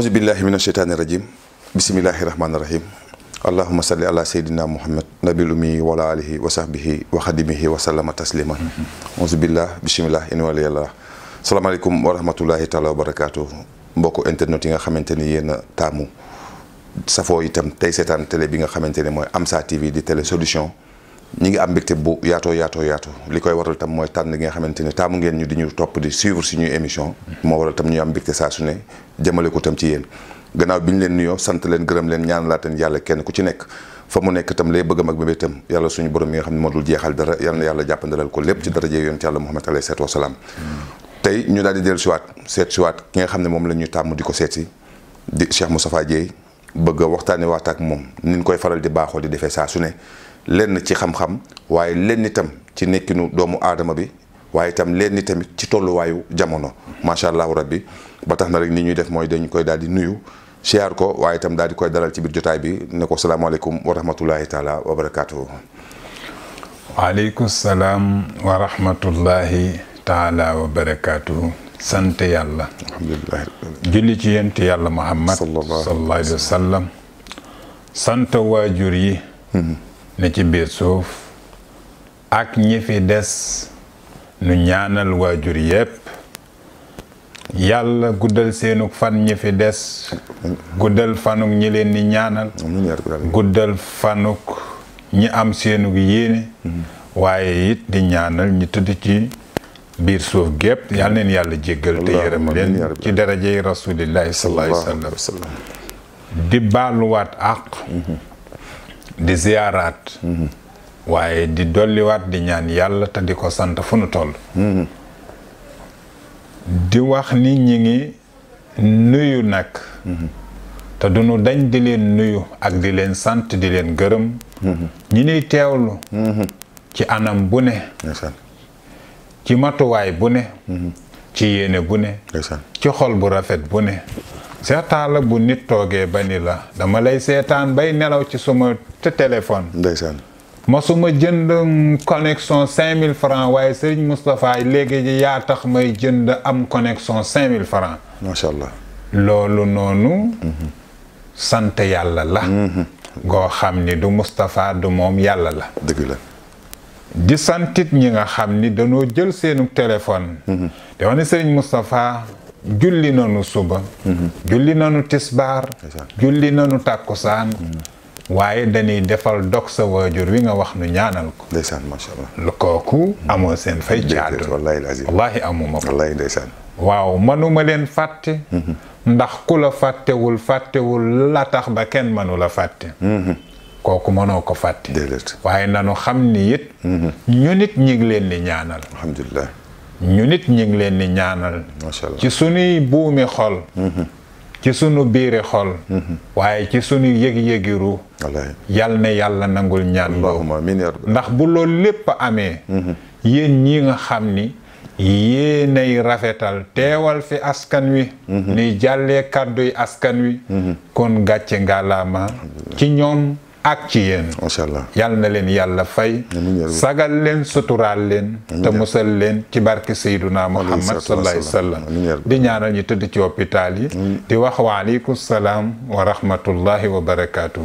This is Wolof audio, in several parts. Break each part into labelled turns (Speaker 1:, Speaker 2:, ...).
Speaker 1: auzu billahi mina sheytaani rajim bismillahi rahmaani rahim allahuma salli ala seydina muhammad nabil umi wala alihi wa sahbihi wa xadimihi wa sallama tasliman auzu billah bismillah in wala yàlla salaamaaleykum wa rahmatullahi taala wa barakaatu mbokku internet yi nga xamante ni yéen a taamu safoo itam tey seetaan télé bi nga xamante ne mooy Amsa TV di télé solution ñi ngi am mbégte bu yaato yaato yaato li koy waral tam mooy tànn gi nga xamante ne taamu ngeen ñu di ñu topp di suivre suñuy émission moo waral tam ñuy am mbégte saa su ne ko tam ci yéen gannaaw bi ñu leen nuyoo sant leen gërëm leen ñaan laaten yàlla kenn ku ci nekk fa mu nekk tam lay bëggam ak bébé tam yàlla suñu borom yi nga xam ne moo jeexal dara yal na yàlla jàppandalal ko lépp ci daraje yonent yàlla Muhammad alayhi salaatu wasalaam tey ñu daal di dellu siwaat seet siwaat ki nga xam ne moom la ñuy tàmm di ko seet si di Cheikh Moustapha Dieye bëgg a waxtaane waat ak moom ni koy faral di baaxoo di defee saa su lenn ci xam-xam waaye lenn itam ci nekkinu doomu aadama bi waaye itam lenn tamit ci tolluwaayu jamono macha allahu rabbi ba tax na rek ni ñuy def mooy dañ koy daal di nuyu siyaar ko waaye itam daal di dalal ci biir jotaay bi ne ko salaamaaleykum wa rahmatullahi taala
Speaker 2: wa barakaatuhu. salaam wa rahmatullahi yàlla. alhamdulilah. julli ci yent yàlla Muhammad. sallallahu alayhi waajur yi. Mm-hmm. ne ci biir suuf ak ñi fi des nu ñaanal waajur yépp yàlla guddal seenug fan ñi fi des guddal fanuk ñi leen di ñaanal guddal fanuk ñi am seenug yéene waaye it di ñaanal ñi tëdd ci biir suuf gépp yal neen yàlla jéggal te yërëm leen ci darajey rasulillahi sallallahu alayhi wa sallam di baaluwaat àq mm-hmm. di ziyaaraat mm-hmm. waaye di dolliwaat di ñaan yàlla te di ko sant fu nu toll mm-hmm. di wax ni ñi ngi nuyu nag mm-hmm. te du nu dañ di leen nuyu ak di leen sant di leen gërëm ñi nuy teewlu ci anam bu ne ci matuwaay bu ne ci yéene bu ne ci xol bu rafet bu ne seetaan la bu nit toogee ba ni la dama lay seetaan bay nelaw ci suma te téléphone. ndeysaan. ma suma ma jënd connexion 5000 francs waaye Serigne Moustapha léegi yaa tax may jënd am connexion mille francs. macha allah loolu noonu. sant yàlla la. Mhm. goo xam ni du Moustapha du moom yàlla la. dëgg di santit ñi nga xam ni danoo jël seenu téléphone. te mhm. wax ni Serigne Moustapha. julli nanu suba mhm. julli nanu tisbaar julli nanu tàkkusaan mhm. waaye dañuy defal dog sa waajur wi nga wax nu ñaanal ko ndeysaan macha allah kooku amoo seen fay jaadu wallaahi amuma ko wallaahi ndeysaan waaw manuma leen fàtte mhm. ndax ku la fàttewul fàttewul la tax ba kenn mënu fàtte kooku mënoo ko fàtte waaye nanu xam ni it ñu nit ñi ngi leen di ñaanal alhamdulilah ñu nit ñu ngi leen di ñaanal ci sunuy buumi xol mhm. ci sunu biiri xol mhm. waaye ci sunu yëg-yëgiru yal na yàlla nangul ñaan boobu ndax bu lool lépp amee mhm. yéen ñi nga xam ni yéenay rafetal teewal fi askan wi ni jàllee kàdduy askan wi kon gàcce ngalaama ci ñoom ak ci yéen macha allah na leen yàlla fay sagal leen suturaal leen te musal leen ci barke sayduna muhammad sallallahu alayhi wasallam di ñaanal ñu tëdd ci hôpital yi di wax waaleykum salaam wa rahmatullahi wa barakaatu.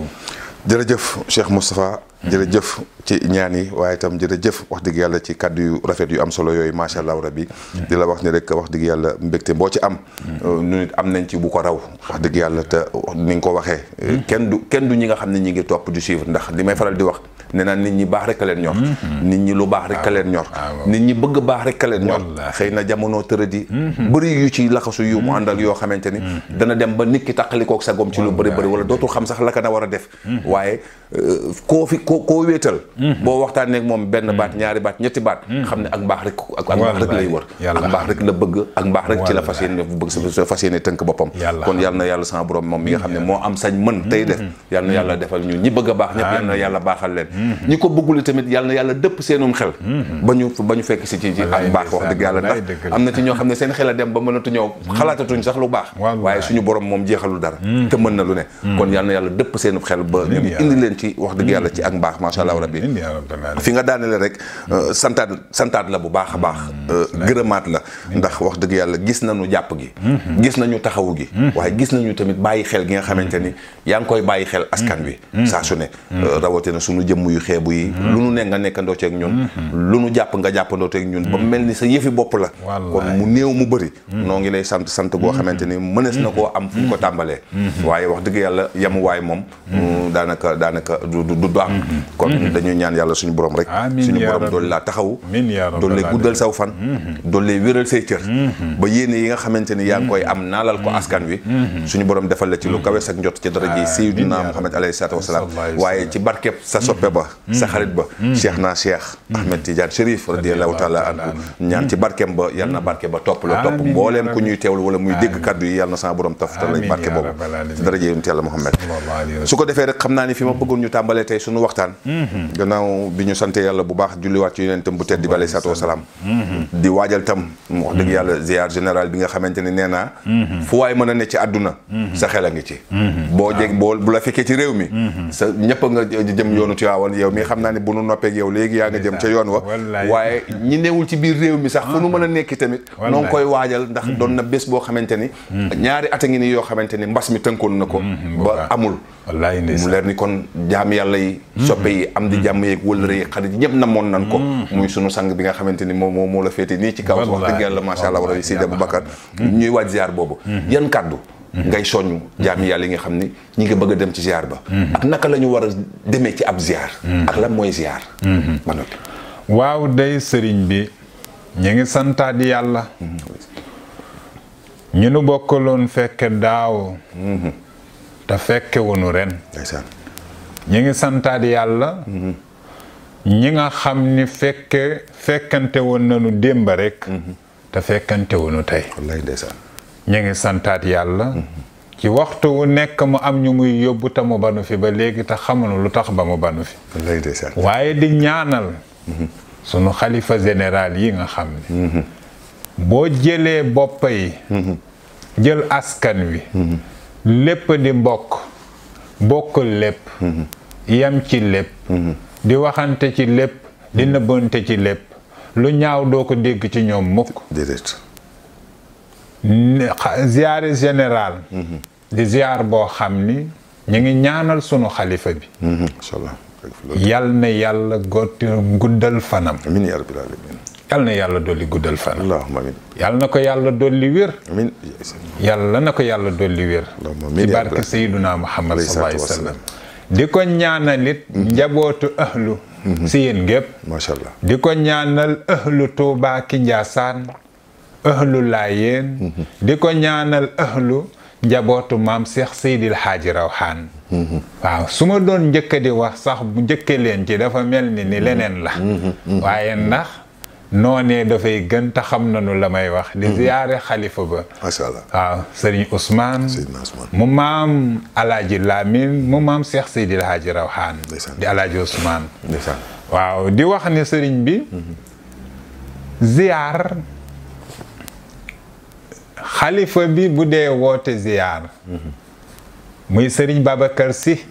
Speaker 2: jërëjëf Cheikh Moustapha
Speaker 1: jërëjëf ci ñaan yi waaye tam jërëjëf wax dëgg yàlla ci kàddu yu rafet yu am solo yooyu macha allah rabbi di la wax ni rek wax dëgg yàlla mbégte boo ci am mm-hmm. uh, nu nit am nañ ci bu ko raw wax dëgg yàlla te ni nga ko waxee mm-hmm. kenn du kenn ñi nga xam ne ñi ngi topp du suivre ndax li may faral di wax nee naa nit ñi baax rek a leen ñor. Mm-hmm. nit ñi lu baax rek a ah, leen ñor. Ah, nit ñi bëgg baax rek a leen ñor. xëy na jamono tëradi. Mm-hmm. bëri yu ci laxasu yu mu mm-hmm. àndal yoo xamante ni. dana dem ba nit ki tàqalikoog sa gom ci lu bëri bëri wala dootu xam sax la na war a def. waaye euh, koo fi koo koo wéetal. boo waxtaanee ak moom benn baat ñaari baat ñetti baat. xam ne ak mbaax rek ak mbaax rek lay wër. ak mbaax rek la bëgg ak mbaax rek ci la fas yéene bëgg sa fas yéene tënk boppam. kon yal na yàlla sama borom moom mi nga xam ne moo am sañ mën tey def yal na defal ñu ñi bëgg baax ñëpp yal na yàlla baaxal leen Mm-hmm. ñi ko bëggul tamit yàlla na yàlla dëpp seenum xel mm-hmm. ba ñu ba ñu fekk si ci ci ak baax wax dëgg yàlla ndax am na ci ñoo xam ne seen xel a dem ba mënatu ñëw mm-hmm. xalaatatuñ sax lu baax waaye ñu borom moom jeexalul dara te mën na lu ne kon yàlla na yàlla dëpp seenum xel ba ñu indi leen ci wax dëgg yàlla ci ak baax macha allah rabbi fi nga daanele rek euh, santaat santaat la bu baax a baax euh, gërëmaat la ndax wax dëgg yàlla gis nañu jàpp gi gis nañu taxawu gi waaye gis nañu tamit bàyyi xel gi nga xamante ni yaa ngi koy bàyyi xel askan wi saa su ne euh, rawatina suñu jëmm yu xeebu yi hmm. lu nu ne nga nekkandoo ceeg ñun hmm. lu nu jàpp nga jàppandoo ceeg ñun ba hmm. mel ni sa yëfi bopp la kon mu néew mu bëri noo ngi lay sant sant goo xamante mënees na koo am fu ñu ko tàmbalee waaye wax dëgg yàlla yamuwaay moom daanaka daanaka du du du am kon dañuy ñaan yàlla suñu borom rek suñu yi nga ni yaa ngi koy am naalal ko askan wi suñu borom defal la ci lu kawe ak njot ci dara ji Seydina Muhammad alayhi salaatu wasalaam waaye ci barkeb sa soppe ba mm. sa xarit ba mm. cheikh naa mm. cheikh ahmed tidiane chérif radiallahu taala anhu ñaan ci barkeem ba yal na barke ba topp la topp mbooleem ku ñuy teewlu wala muy dégg kaddu yi yal na sama borom taftal lay barke boobu daraje yonent yàlla muhammad su ko defee rek xam naa ni fi ma bëggoon ñu tàmbalee tey suñu waxtaan mm-hmm. gannaaw bi ñu sante yàlla bu baax julliwaat ci yonentam bu tedd bi alayhi salaatu wasalaam mm-hmm. di waajal tam wax dëgg mm-hmm. yàlla ziar général a a woon yow mi xam naa ne bu nu noppeeg yow léegi yaa nga jëm ca yoon wa waaye ñi newul ci biir réew mi sax fu nu mën a nekki tamit noo ngi koy waajal ndax doon na bés boo xamante ni hmm. ñaari at a nii yoo xamante ni mbas mi tënkoon na ko hmm, hmm, ba amul wallaay mu leer ni kon jaam yàlla yi soppe yi am di jàmm yeeg wëllëre yi xarit ñëpp namoon nan ko muy sunu sang bi nga xamante ni moom moo la féete nii ci kaw wax dëgg yàlla macha allah war a Seydi Aboubacar ñuy waaj ziar boobu yan kaddu ngay soññ jaami yàlla yi nga xam ni ñi nga bëgg a dem ci ziar ba ak naka lañu ñu war a demee ci ab ziar
Speaker 2: mooy ziar manoti waaw day sëriñ bi ñu ngi santaad yàlla ñu nu bokkaloon fekke daaw te fekke wonu ren ngi santaat yàlla ñi nga xam ni fekke fekkante woon na nu démba rekk te fekkante woonu tey ñu ngi santaat yàlla ci waxtu wu nekk mu am ñu muy yóbbu te mu banu fi ba léegi te xamuñu lu tax ba mu banu fi waaye di ñaanal sunu xalifa général yi nga xam ne boo jëlee bopp yi jël askan wi lépp di mbokk bokk lépp yam ci lépp di waxante ci lépp di nëbbante ci lépp lu ñaaw doo ko dégg ci ñoom mukk ziare général di ziar boo xam ni ñu ngi ñaanal sunu xalifa bi mhm, yal na yàlla gotti guddal fanam amiin yaa rabbil aalamiin yal na yàlla dolli guddal fanam allahumma amiin yal na ko yàlla dolli wér amiin na ko yàlla dolli wér ci barke sayyiduna muhammad sallallahu alayhi di ko ñaanalit mhm. njabootu ahlu mhm. si yéen gépp di ko ñaanal ahlu Touba ki laa laayeen di ko ñaanal ëhlu njabootu maam seex Seydil Hadji Rawhan waaw su ma doon njëkka di wax sax bu njëkke leen ci dafa mel ni ni leneen la waaye ndax noonee dafay gën te xam nañu la may wax di ziyaare xalifa ba macha allah waaw sëriñ Ousmane mu maam alaaji Lamine mu maam Cheikh Seydil Hadji Rawhan di alaaji Ousmane waaw di wax ne sëriñ bi ziyaar xalifa bi bu dee woote ziyaar muy sëriñ Babacar si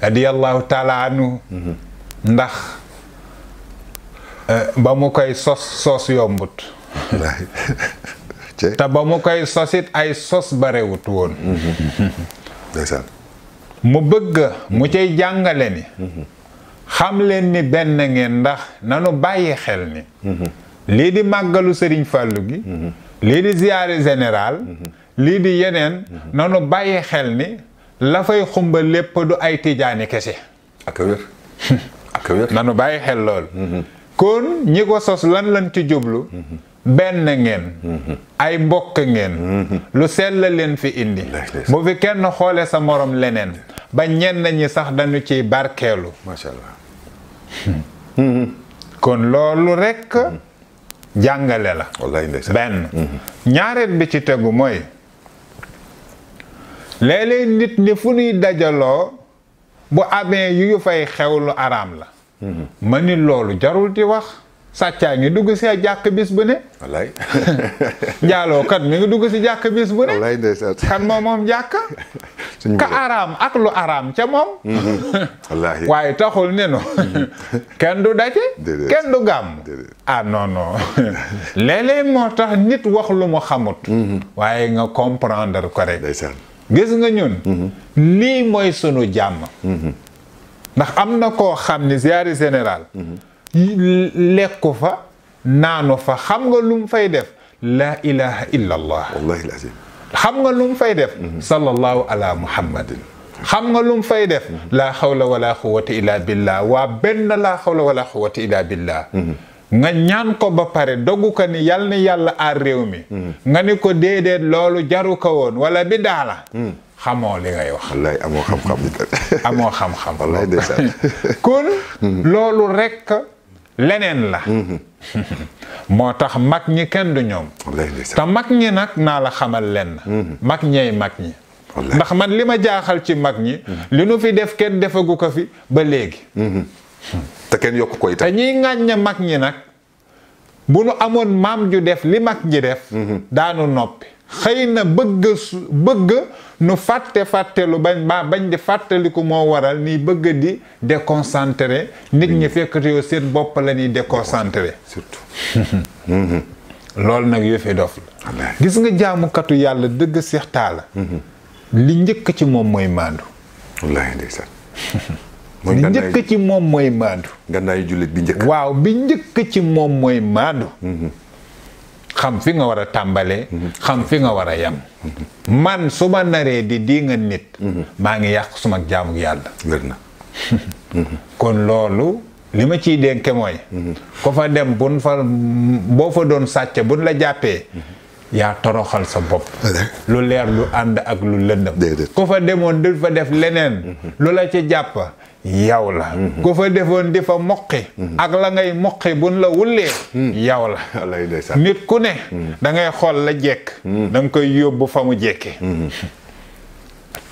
Speaker 2: radiyallahu taala ndax eh, ba mu koy sos sos yombut te ba mu koy sosit ay sos barewut woon mu bëgg mu cay jàngale ni xam leen ni benn ngeen ndax nanu bàyyi xel ni mm-hmm. lii di màggalu sëriñ fàllu gi mm-hmm. lii di ziyaare général mhm. lii di yeneen mhm. nanu bàyyi xel ni lafay fay xumba lépp du ay tijaani kese ak nanu bàyyi xel lool mhm. kon ñi ko sos lan lan ci jublu benn ngeen ay mbokk ngeen lu sell leen fi indi bu fi kenn xoole sa morom leneen ba ñenn ñi sax dañu ciy barkeelu macha kon loolu rekk jàngale la benn mm-hmm. ñaareel bi ci tegu mooy léeg nit ñi fu ñuy dajaloo bu amee yu fay xew lu araam la mm-hmm. ma ni loolu jarul di wax sàccaa ngi dugg si jàkk bis bu ne. wallaay. njaaloo mi ngi dugg si jàkk bis bu ne. wallaay ndeysaan. kan moom moom jàkk. ka araam ak lu araam ca moom. Mhm. waaye taxul ne no mhm. kenn du daje. kenn du gàmm. ah non non moo tax nit wax lu mu xamut. Mhm. waaye nga comprendre ko rek. gis nga ñun. lii mooy sunu jàmm. ndax am na koo xam ni ziyaari général. lekku fa naanu fa xam nga lu mu fay def laa illa allah xam nga lu mu fay def mm-hmm. sallallahu ala muhammadin xam nga lu mu fay def mm-hmm. laa xawla wala quwwata illah billah wa benna laa xawla wala quwwata illa billah mm-hmm. nga ñaan ko ba pare dogu ko ni yal na yàlla aar réew mi nga ni ko déedéet loolu jaru ko wala bi daala xamoo li ngay wax xam-xam amoo loolu rekk leneen la mhm. moo tax mag ñi kenn du ñoom te mag ñi nag naa la xamal lenn mhm. mag ñey mag ñi ndax man li ma jaaxal ci mag ñi mhm. li nu fi def kenn defagu ko fi ba léegi te kenn yokk ko itam te ñiy ŋàñña mag ñi nag bu nu amoon maam ju def li mag ñi def daanu noppi xëy na bëgg bëgg nu fàtte fàttelu bañ ba bañ di fàttaliku moo waral ni bëgg di déconcentré nit ñi hmm. fekkati yow seen bopp la ñuy déconcentré surtout loolu nag yëfe dof la gis nga jaamukatu yàlla dëgg Seex Taala hmm. li njëkk ci moom mooy maandu li njëkk ci moom mooy maandu bi njëkk waaw bi njëkk ci moom mooy maandu hmm. xam fi nga war a tàmbalee xam fi nga war a yem man su ma naree di di nga nit maa ngi yàq suma jaamu yàlla kon loolu li ma ciy dénke mooy ko fa dem bun fa boo fa doon sàcc buñ la jàppee yaa toroxal sa bopp lu leer lu ànd ak lu lëndëm ku fa demoon du fa def leneen lu la ca jàpp yow la ku fa defoon di fa moqi ak la ngay moqi buñ la wullee yow la nit ku ne mm. da ngay xool la jekk mm. da koy yóbbu fa mu jekke mm.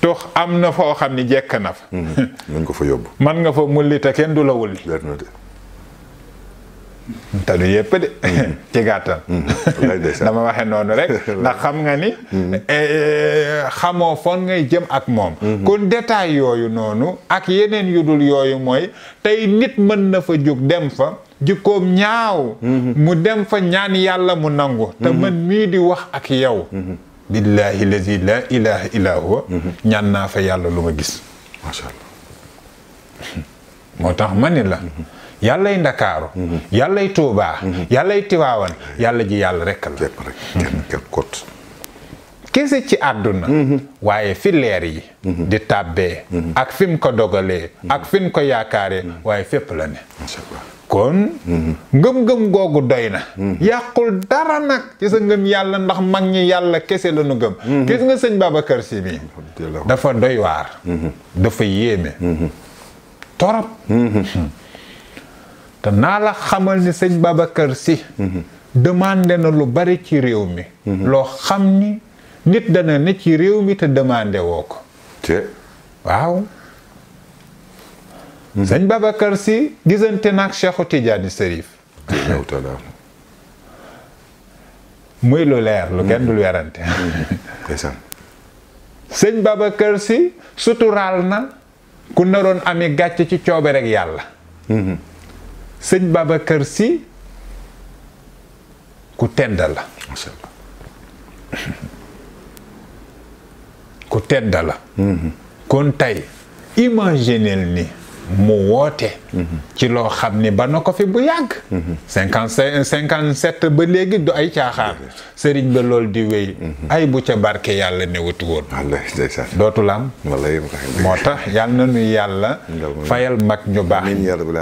Speaker 2: tux am na foo xam ni jekk na fa mën nga fa yóbbu mën nga fa mulli te kenn du la wulli te du yëpp de mm-hmm. ci gàttal mm-hmm. dama waxe noonu rek ndax xam nga ni mm-hmm. eh, eh, xamoo foon ngay jëm ak moom kon détail yooyu noonu ak yeneen yu dul yooyu mooy tey nit mën na fa jóg dem fa jikkoom ñaaw mu dem fa ñaan yàlla mu nangu te man mii di wax ak yow billahi la ilaha illa ñaan naa fa yàlla lu ma gis moo tax ma la yàllay ndakaaru mhm. yàllay tuubaa mhm. yàllay yàlla ji yàlla rekk la kese ci àdduna mhm. waaye fi leer yi di tàbbee ak fi ko dogalee ak fim mu ko yaakaaree waaye fépp la ne kon ngëm-ngëm googu doy na yàqul dara nag ci sa ngëm yàlla ndax mag ñi yàlla kese lanu nu gëm gis nga sëñ Babacar Si bi dafa doy waar dafa yéeme torop hmm. te naa la xamal ni sëñ Babacar Sy demandé na lu bari ci réew mi loo xam ni nit dana ne ci réew mi te demandé woo ko waaw sëñ Babacar si gisante naag Cheikhu Tidiane Serif muy lu leer lu kenn dul mm-hmm. werante mm-hmm. sëñ Babacar Sy suturaal na ku naroon ami gàcc ci coobe rek yàlla mm-hmm. sëñ Babacar Sy ku tedd la ku tedd la mm-hmm. kon tey imagineel ni mu woote ci loo xam ni ba na ko fi bu yàgg cinquante cinq cinquante sept ba léegi du ay caaxaan sëriñ ba loolu di wéy ay bu ca barke yàlla newatu woon dootul am moo tax yàlla na nu yàlla fayal mag ñu baax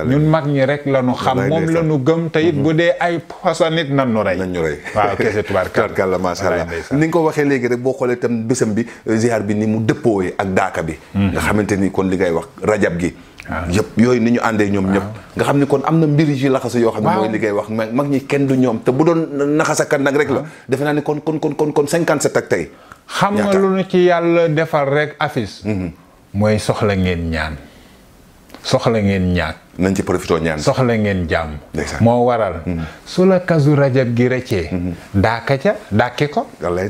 Speaker 2: ñun mag ñi rek la nu xam moom la nu gëm te it mhm. bu dee ay posanit nan nu rey nan ñu rey waaw kese tubaarkàlla macha allah
Speaker 1: ni nga ko waxee léegi rek boo xoolee tam bésam bi ziar bi ni mu dëppoowee ak daaka bi mhm. nga xamante ni kon li ngay wax rajab gi yëpp yooyu ni ñu àndee ñoom ñëpp nga xam ni kon am na mbir yi laxasa yoo xam ne mooy liggéey wax mag mag ñi kenn du ñoom te bu doon naxasakat nag rek la defe naa ni kon kon kon kon kon cinquante sept ak tey
Speaker 2: xam na lu nu ci yàlla defal rek affiche mm-hmm. mooy soxla ngeen ñaan soxla ngeen ñaan nañ ci profité ñaan soxla ngeen jàmm moo waral mm-hmm. su la kasu rajab gi rëccee mm-hmm. daaka ca dàkki ko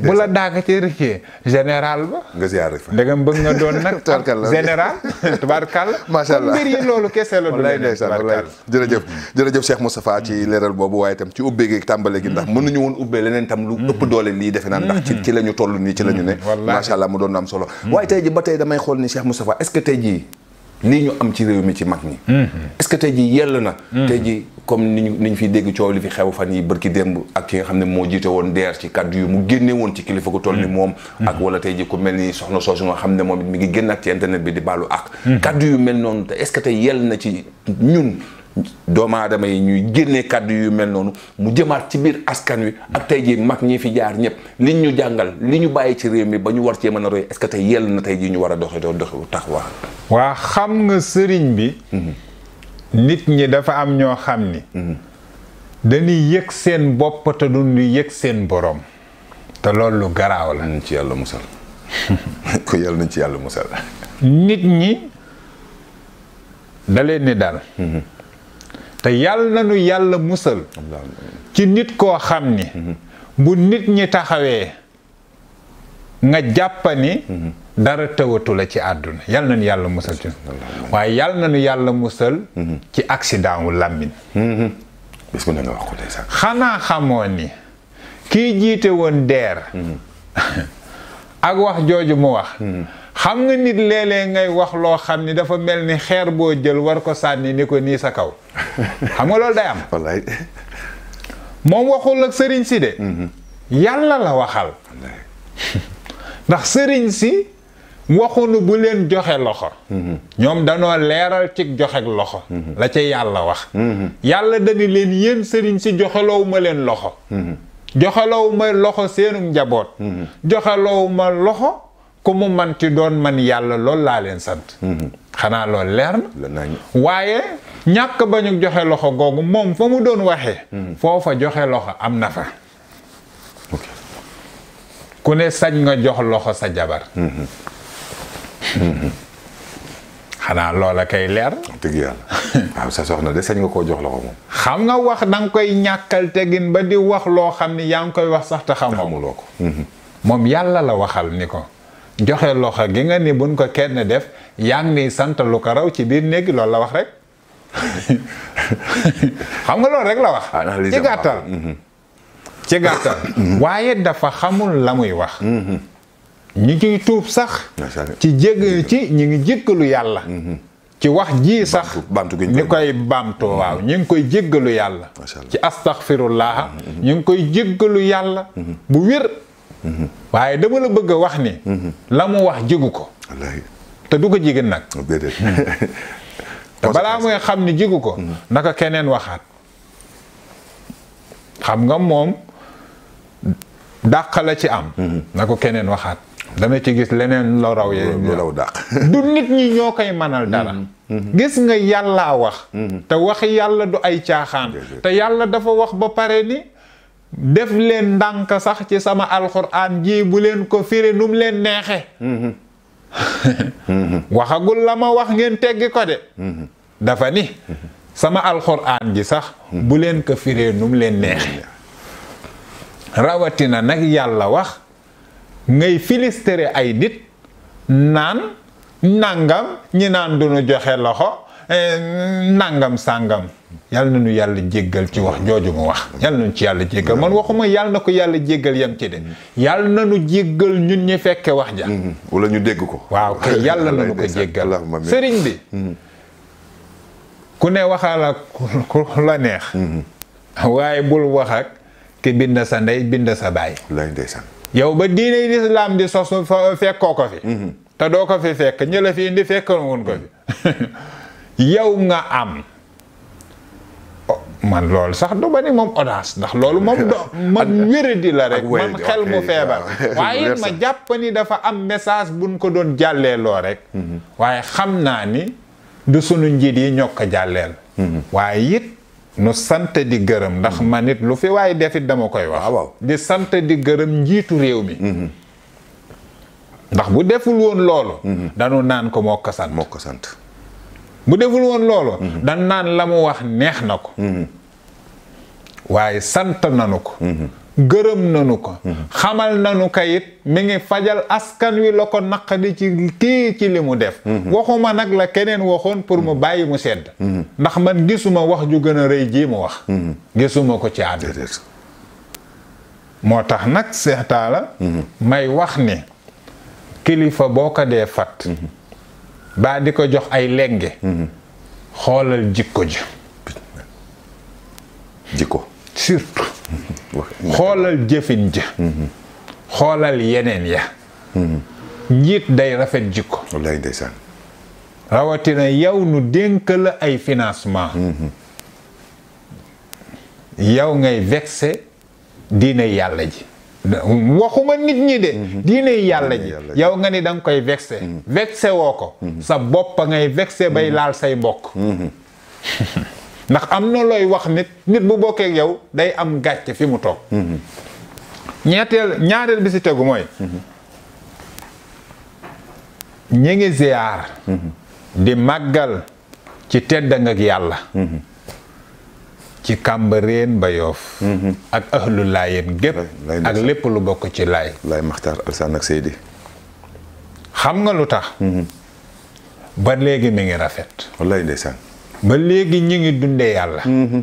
Speaker 2: bu la daaka ca rëccee général ba nga ziar fa ndegam bëgg nga doon nag général tubaarkàlla macha allah mbir yi loolu kese la du leen
Speaker 1: jërëjëf mm-hmm. jërëjëf Cheikh Moustapha gi tàmbale gi ndax mënuñu woon ubbee leneen doole lii defe naa ndax ci ci la ñu toll nii ci la ñu ne macha allah mu doon am solo waaye tey ji ba tey damay xool ni Cheikh Moustapha est tey jii lii ñu am ci réew mi ci mag ñi. Mm-hmm. est-ce que tey jii yell na. Mm-hmm. tey jii comme ni ñu ni ñu fiy dégg coow li fi xew fan yi bërki démb ak ki nga xam ne moo jiite woon deer ci kàddu yu mu génne woon ci kilifa ku toll ni mm-hmm. moom. ak wala tey jii ku mel ni soxna soosu nga xam ne moom it mi ngi génnaat ci internet bi di baalu ak. kàddu yu mel noonu te est-ce que tey yell na ci ñun. doomu aadama yi ñuy génne kàddu yu mel noonu mu jëmaat ci biir askan wi ak tey jii mag ñi fi jaar ñépp liñ ñu jàngal li ñu bàyyi ci réew mi ba ñu war cee mën a roy est tey yell na tey
Speaker 2: jii ñu war a doxe doo doxe tax wax waa xam nga sëriñ bi mhm. nit ñi dafa am ñoo xam ni mhm. dañuy yëg seen bopp du duñu yëg seen borom te loolu lu garaaw la ci yàlla musal ko yàlla ci yàlla musal nit ñi da leen ni daal mhm. te yàlla na nu yàlla musal ci nit koo xam ni bu nit ñi taxawee nga jàppani dara tawatu la ci àdduna yal na nu yàlla musal ci waaye yàlla musal ci accident wu làmmiñ bis xanaa xamoon ni kii jiite woon deer mm-hmm. ak wax jooju mu wax mm-hmm. xam nga nit léeg-léeg ngay wax loo xam ni dafa mel ni xeer boo jël war ko sànni ni ko nii sa kaw xam nga loolu day am wallaay moom waxul ak sëriñ si de mhm. yàlla la waxal ndax sëriñ si waxunu bu leen joxe loxo mhm. ñoom danoo leeral ci joxe loxo mhm. la ci yàlla wax yàlla dani leen yéen sëriñ si joxeloowu ma leen loxo joxeloowu ma loxo seenum njaboot joxeloowu ma loxo ku mu ci doon man yàlla lool laa leen sant mhm. xanaa loolu leer na waaye ñàkk ba ñu joxe loxo googu moom fa mu doon waxee mhm. foofa joxe loxo am na fa ku ne sañ nga jox loxo sa jabar mhm. xanaa loola koy leer dëgg yàlla waaw sa soxna de sañ nga koo jox loxo moom xam nga wax danga koy ñàkkal tegin ba di wax loo xam ni yaa ngi koy wax sax te xamuloo ko moom yàlla la waxal ni ko joxe loxo gi nga ni buñ ko kenn def yaa ngi nii sant ko raw ci biir néegi loolu la wax rek xam nga lool rek la wax mhm. ci gàttal mhm. waaye dafa xamul la muy wax mhm. ñi ciy tuub sax ci jégg ci ñi ngi jéggalu yàlla ci wax ji sax ni koy baamtu waaw ñu ngi koy jéggalu yàlla ci astaxfirullaaha ñu ngi koy jéggalu yàlla bu wér waaye dama la bëgg a wax ni. la mu wax jigu ko. te du ko jigéen nag. Oh, hmm. te balaa muy xam ni jigu ko. Hmm. naka keneen waxaat. xam nga moom dàq la ci am. Hmm. na ko keneen waxaat. dama ci gis leneen loo raw yee. loo du nit ñi ñoo koy manal dara. gis nga yàllaa wax. te waxi yàlla du ay caaxaan. te yàlla dafa wax ba pare ni. def leen ndànk sax ci sama alxuraan ji bu leen ko firi num leen neexe mm-hmm. waxagul la ma wax ngeen teggi ko de mm-hmm. dafa ni sama alxuraan ji sax mm-hmm. bu leen ko firee num leen neexe rawatina nag yàlla wax ngay filistere ay nit naan nangam ñi naan duñu joxe loxo eh, nàngam sàngam yàlla na nu yàlla jéggal ci wax jooju mu wax yàlla na nu ci yàlla jéggal man waxuma yàlla na ko yàlla jéggal yam ci de yàlla na nu jéggal ñun ñi fekke wax ja mm-hmm. wala ñu dégg ko waaw kay yàlla na nu ko jéggal sëriñ bi mm-hmm. ku ne waxal ak ku la neex mm-hmm. waaye bul wax ak ki bind sa ndey bind sa baay yow ba diine lislaam di sos fekkoo ko fi te doo ko fi fekk ñëla fi indi fekkoon woon ko fi yow nga am Oh, man loolu sax du ba ni moom audace ndax loolu moom do man wéradi la rek man xel mu feebar waaye ma jàpp ni dafa am message buñ ko doon jàlleeloo rek mm-hmm. waaye xam naa ni du sunu njiit yi ñoo ko jàlleel mm-hmm. waaye it nu sant di gërëm ndax mm-hmm. man lu waaye defit dama koy wax ah, di sant di gërëm njiitu réew mi ndax bu deful woon loolu danu naan ko moo ko ko sant bu deful woon loolu mhm. dan naan la mu wax neex na ko mhm. waaye sant nanu ko mhm. gërëm nanu ko xamal nanu kayit it mi ngi fajal askan wi la ko naqadi ci kii ci li mu def waxuma nag la keneen waxoon pour mu bàyyi mu sedd ndax man gisuma wax ju gën a rëy jii mu wax gisuma ko ci àddina moo tax nag seextaa la may wax ni kilifa boo ko dee fat baa di ko jox ay legge mhm. xoolal jikko ji jikko surtout mhm. xoolal jëfin ja mhm. xoolal yeneen ya njiit day rafet jikko wallaay ndeysaan rawatina yow nu dénk ay financement yow ngay vexé diine yàlla ji waxuma nit ñi de mhm. diine yàlla ji yow nga ni danga koy vexé mhm. vexé woo ko mhm. sa bopp ngay vexé bay laal say mbokk ndax am na looy wax nit nit bu bokkeek yow day am gàcce fi mu toog ñetteel ñaareel bi si tegu mooy ñi ngi ziyaar di màggal ci tedd nga ak yàlla ci Cambérène ba Yoff mhm. ak ahlu laayeen gépp ak lépp lu bokk ci lay
Speaker 1: laay Maxtaar Alsaan ak Seydi
Speaker 2: xam nga lu tax mhm. ba léegi mi ngi rafet wallaay ndeysaan ba léegi ñu ngi dundee yàlla mhm.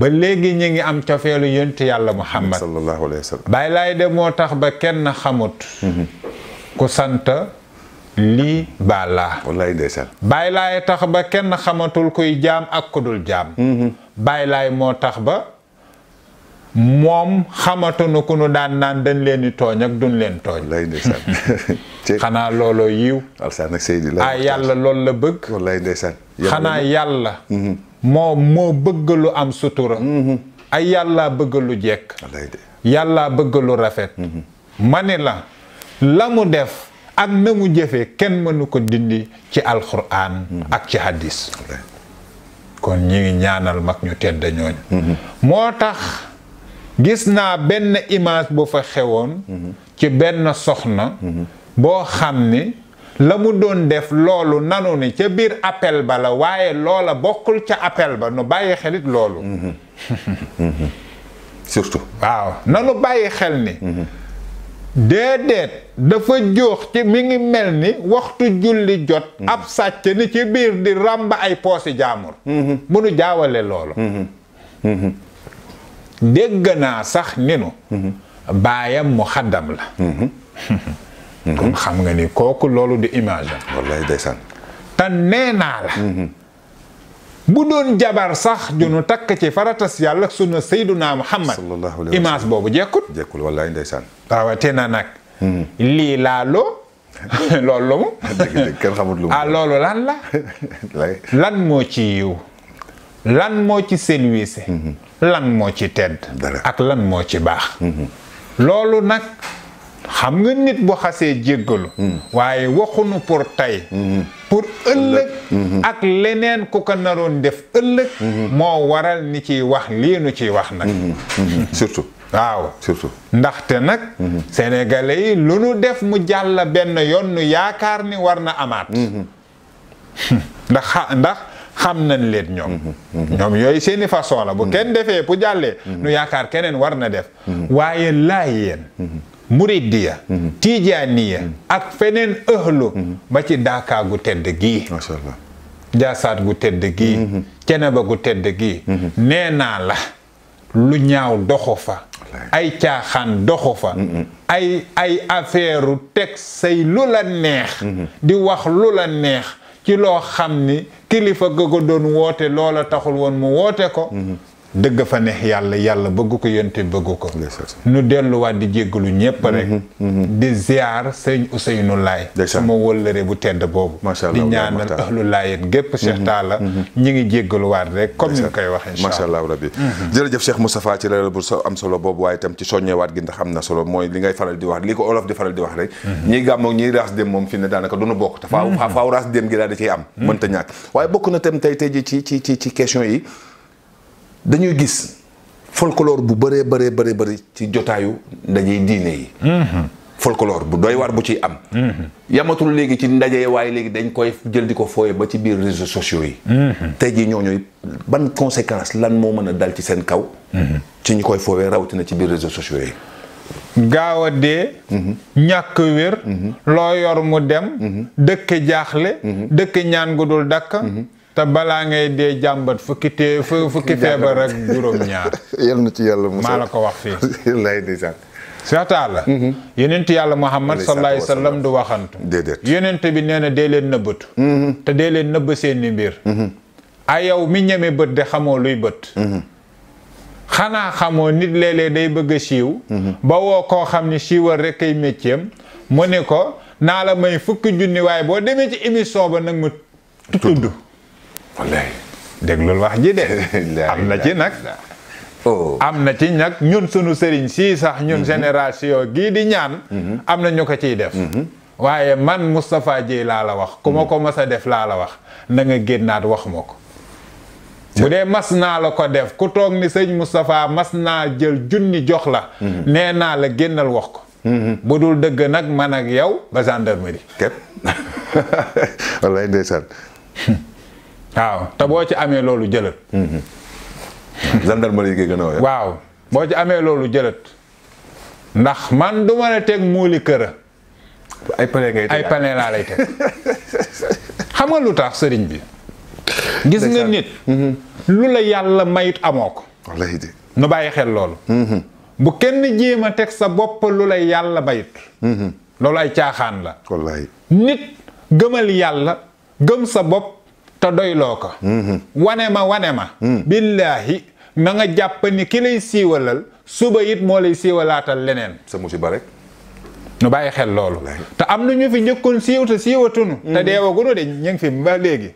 Speaker 2: ba léegi ñu ngi am cofeelu yonent yàlla muhammad
Speaker 1: sallallahu alayhi
Speaker 2: wa de moo tax ba kenn xamut ku sant lii baa laa wallaay ndeysaan laay tax ba kenn xamatul kuy jaam ak kudul jaam mm-hmm. bàyyi laay moo tax ba moom xamatunu ku nu daan naan dañ leen di tooñ ak duñ leen tooñ wallaay ndeysaan xanaa looloo yiw alsaan ak Seydi yàlla loolu la bëgg wallaay xanaa yàlla mm-hmm. moo moo bëgg lu am sutura mm-hmm. ay yàlla bëgg lu jekk yàlla bëgg lu rafet ma la la mu def ak na mu jëfee kenn mënu ko dindi ci alxuraan ak ci hadis kon ñi ngi ñaanal mag ñu tedd ñooñu moo tax gis naa benn image bu fa xewoon ci benn soxna boo xam ni la mu doon def loolu nanu ni ca biir appel ba la waaye loola bokkul ca appel ba nu bàyyi xelit loolu surtout waaw nanu bàyyi xel ni mm-hmm. déedéet dafa joox ci mi ngi mel ni waxtu julli jot mhm. ab sàcc ni ci biir di ràmba ay poosi jaamur munu mhm. jaawale loolu mhm. dégg naa sax ninu baayam mu xaddam la kon xam nga ni kooku loolu di image am wallaay nee naa la bu doon jabar sax junu takk ci faratas yàlla ak sunna sayduna muhammad image boobu jekkut jekkul wallaay ndeysaan waaw te na nag hmm. lii laa loo loolu lu mu dëgg dëgg kenn ah, loolu lan la lan moo ci yiw lan moo ci selwiise hmm. lan moo ci tedd ak lan moo ci baax hmm. loolu nag xam nga nit bu xasee jéggalu hmm. waaye waxunu pour tey hmm. pour ëllëg hmm. ak leneen ku ko naroon def ëllëg moo waral ni ciy wax lii nu ciy wax nag surtout waaw surtout ndaxte nag sénégalais yi lu nu def mu jàll benn yoon nu yaakaar ni war na amaat ndax ndax xam nañ leen ñoom ñoom yooyu seeni façon la bu kenn defee bu jàllee nu yaakaar keneen war na def waaye laay yéen muridiya mhm. tijaaniya mhm. ak feneen ëhlu mhm. ba ci daakaa tedd gii jaasaat gu tedd gii ceneba tedd gii naa la lu ñaaw doxu fa ay caaxaan doxu fa ay ay affaire teg say lu la neex di wax lu la neex ci loo xam ni kilifa ga ko doon woote loola taxul woon mu woote ko dëgg fa neex yàlla yàlla bëgg ko yonte bëgg ko nu delluwaat di jéggalu ñépp rek mm-hmm, mm-hmm. di ziar sëñ Ousseynou Laay suma wëllëre bu tedd boobu di ñaanal ahlu laayet gépp Cheikh mm-hmm, Talla ñi ngi jéggaluwaat rek comme ni koy waxee macha
Speaker 1: allah rabbi jërëjëf Cheikh Moustapha ci leeral bu am solo boobu waaye itam ci soññewaat gi ndax am na solo mooy li ngay faral di wax li ko olof di faral di wax rek ñiy gàmmoog ñiy raas dem moom fi ne daanaka dunu bokk te faaw faaw raas dem gi daal da ciy am mënta ñàkk waaye bokk na tam tey tey ci yi dañuy gis folklore bu bëree bëree bëri bëri ci jotaayu ndaje diine yi. Mhm. folklore bu doy war bu ciy am. Mhm. yamatul léegi ci ndaje waaye léegi dañ koy jël di ko fooye ba ci biir réseaux sociaux yi. Mhm. tey jii ñooñu ban conséquence lan moo mën a dal ci seen kaw. ci ñu koy foowee rawatina ci biir réseaux sociaux yi.
Speaker 2: gaaw a dee ñàkk wér loo yor mu dem dëkk jaaxle dëkk ñaan gu dul dakk te balaa ngay dee jàmbat fukki tee fukki feebar ñaar yal na ci yàlla ko wax fii. yàllaay ndeysaan. Mm-hmm. yàlla Muhammad sallallahu alayhi wa sallam du waxantu. déedéet yonent leen nëbbatu. Mm-hmm. te leen nëbb seeni mbir. Mm-hmm. yow mi ñeme bët de xamoo xamoo nit léeg-léeg day koo xam ni siiwal rek ay mu ne ko naa la may boo demee ci émission ba nag ma tudd. wallaay déglul wax ji de. am na ci nag. Oh. am na ci nag ñun sunu sëriñ sii sax ñun mhm. génération gii di ñaan. Mhm. am na ñu ko ciy def. Mhm. waaye man Moustapha Dieye laa la wax ku ma ko mas a def laa la wax na nga génnaat wax ko. bu dee mas naa la ko def ku toog ni sëñ Moustapha mas naa jël junni jox la. nee naa la génnal wax ko. bu dul dëgg nag man ak yow ba gendarmerie. képp wallaay ndeysaan waaw te boo ci amee loolu jëlët. Mm-hmm. gendarmerie waaw boo ci amee loolu jëlët ndax man du ma la teg muuli këra. ay pale ngay teg xam nga lu tax sëriñ bi. gis nga nit. Mm-hmm. lu la yàlla mayit amoo ko. nu bàyyi xel loolu. Mm-hmm. bu kenn jéem a teg sa bopp lu la yàlla mayit. loolu ay caaxaan la. nit gëmal yàlla gëm sa bopp. te doyloo ko mm-hmm. wane ma wane ma mm. billaahi na nga jàpp ni ki lay siiwalal suba it moo lay siiwalaatal leneen sa musiba nu bàyyi xel loolu te am na ñu fi njëkkoon siiw te siiwatunu te mm-hmm. deewagunu de ñu fi ba léegi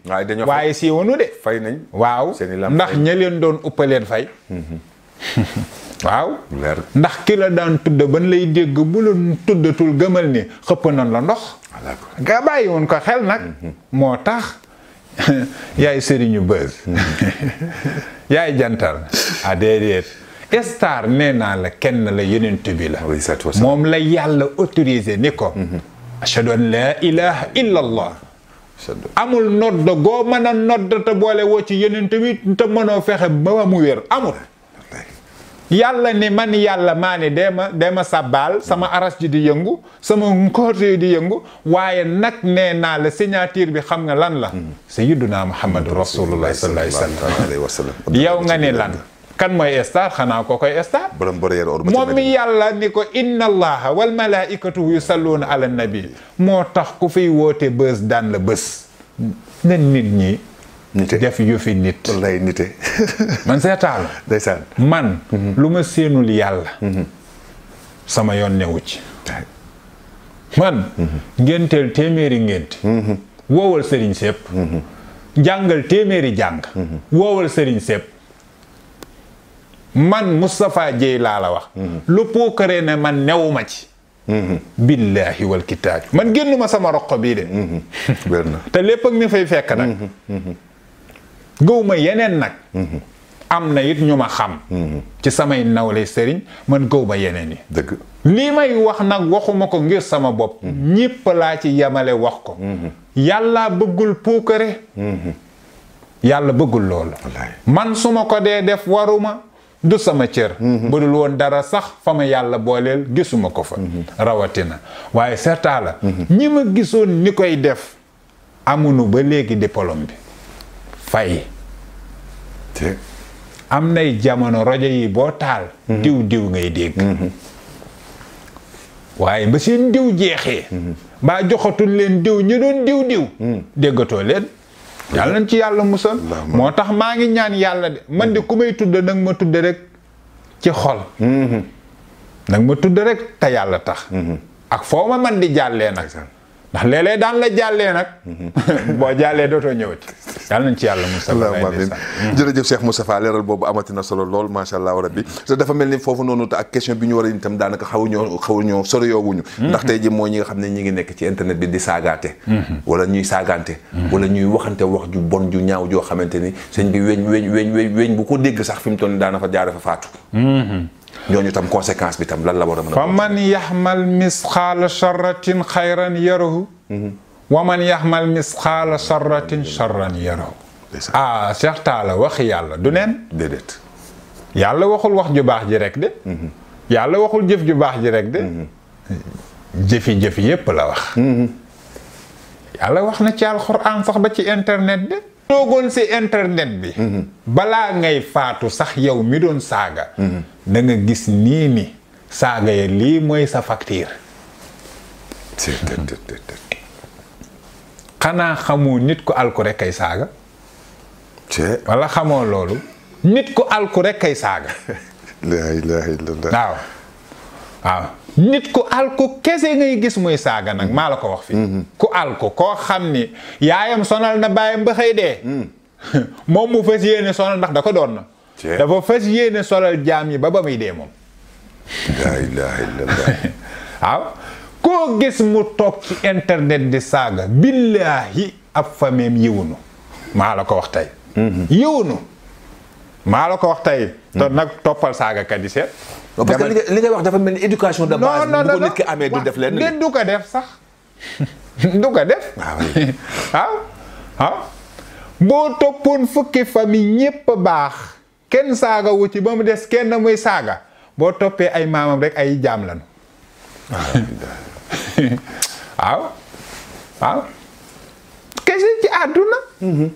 Speaker 2: waaye siiwanu de fay nañ waaw ndax ña doon uppa leen fay mm-hmm. waaw ndax ki la daan tudd ban lay dégg bu la tuddatul gëmal ni xëpp nan la ndox ah, nga bàyyi woon ko xel nag moo tax yaay sëriñu bës yaay jantal a ah, déedéet star nee naa la kenn la yonent bi la moom la yàlla autorise ni ko mhm. ashhadu an laa ilaha illa amul nodd goo mën a nodd boole woo ci yonent bi te mënoo fexe ba mu wér amul yàlla ne man yàlla maa ne dee ma sabaal sama aras ji di yëngu sama ngóorte yi di yëngu waaye nag nee naa la signature bi xam nga lan la hmm. sayyiduna muhammadu rasulullah sallallahu alayhi yow nga ne lan kan mooy star xanaa ko koy star moom mi yàlla ni ko inna allaha wal malaikatu yusalluuna ala nabi moo tax ku fiy woote bës daan la bës na nit ñi nite def yëfi nit. lay nite. man seetaal. ndeysaan man. Mhm. lu ma séenul yàlla. Mhm. sama yoon newu ci. man. Mhm. ngénteel téeméeri ngént. woowal sëriñ sépp jàngal téeméeri jàng. woowal sëriñ sépp man Moustapha Dieye laa wax. lu puukaree ne man newuma ci. billaahi wal kitaabi man génnuma sama roqo bii de. te lépp ak fay fekk nag. gëw ma yeneen nag mm-hmm. am na it ñu ma xam mm-hmm. ci samay nawle sëriñ man gëwuma yeneen yi dëgg lii may wax nag waxuma ko ngir sama bopp mm-hmm. ñépp laa ci yamale wax ko yàlla bëggul puukare yàlla bëggul loolu man su ma ko dee def waruma du sama cër bu dul woon dara sax fa ma yàlla booleel gisuma ko fa rawatina waaye certain la ñi ma gisoon ni koy def amunu ba léegi diplôme bi fay am nay jamono rajo yi boo taal mhm. diw diw ngay dégg mhm. waaye ba seen diw jeexee mbaa mhm. joxatul leen diw ñu doon diw diw déggatoo leen yàlla nañ ci yàlla musal moo tax maa ngi ñaan yàlla de man de ku may tudd nag ma tudd rek ci xol nag ma tudd rek te yàlla tax ak foo ma man di jàllee nag ndax léeg-léeg daan la jàllee nag mhm. boo jàllee dootoo ñëwati yàlla nañ ci yàlla Moustapha amin
Speaker 1: mm. jërëjëf Cheikh Moustapha leeral boobu amati na solo lool macha allah rabbi te dafa mel ni foofu noonu te ak question bi ñu war a itam daanaka xaw ñoo xaw ñoo sori yoowuñu mhm. ndax tey ji mooy ñi nga xam ne ñu ngi nekk ci internet bi di saagaate mhm. wala ñuy saagaante wala ñuy waxante wax ju bon ju ñaaw joo xamante ni sëñ bi weñ weñ weñ weñ bu ko dégg sax fi mu toll ni daana fa jaare fa faatu ñooñu tam conséquence bi tam lan la war a mën a. fa
Speaker 2: man yaxmal misqaala charratin xayran yarahu. Mhm. wa man yaxmal misqaala charratin charran yarahu. ah Cheikh Talla wax yàlla du neen. déedéet. yàlla waxul wax ju baax ji rek de. Mhm. yàlla waxul jëf ju baax ji rek de. Mhm. jëfi jëf yépp la wax. yàlla wax na ci alxuraan sax ba ci internet de. toogoon si internet bi mhm. balaa ngay faatu sax yow mi doon saaga mhm. da gis nii ni saaga ya lii mooy sa facture xanaa xamoo nit ku alku rek kay saaga wala xamoo loolu nit ku alku rek kay saaga waaw waaw nit ku al kese ngay gis muy saaga nag maa la ko wax fi mm-hmm. ku al ko koo xam ni yaayam sonal na bàyyam ba xëy dee mm. moom mu fas yéene sonal ndax da ko doon na dafa fas yéene solal jaam yi ba ba muy dee moom laa ilaaha illallah waaw koo gis mu toog ci internet di saaga billaahi ab fameem yiwunu maa la ko wax tey mm-hmm. yiwunu maa la ko wax tey te mm-hmm. nag toppal saagakat yi seet parce que li ngay wax dafa mel ni éducation de base. non bu ko nit ki amee du def lenn. du ko def sax du ko def. waaw ah, waaw. Ah. Ah. boo toppoon fukki famille ñépp baax kenn saaga ci ba mu des kenn muy saaga boo toppee ay maamam rek ay jaam lañu. waaw waaw. ci àdduna mhm.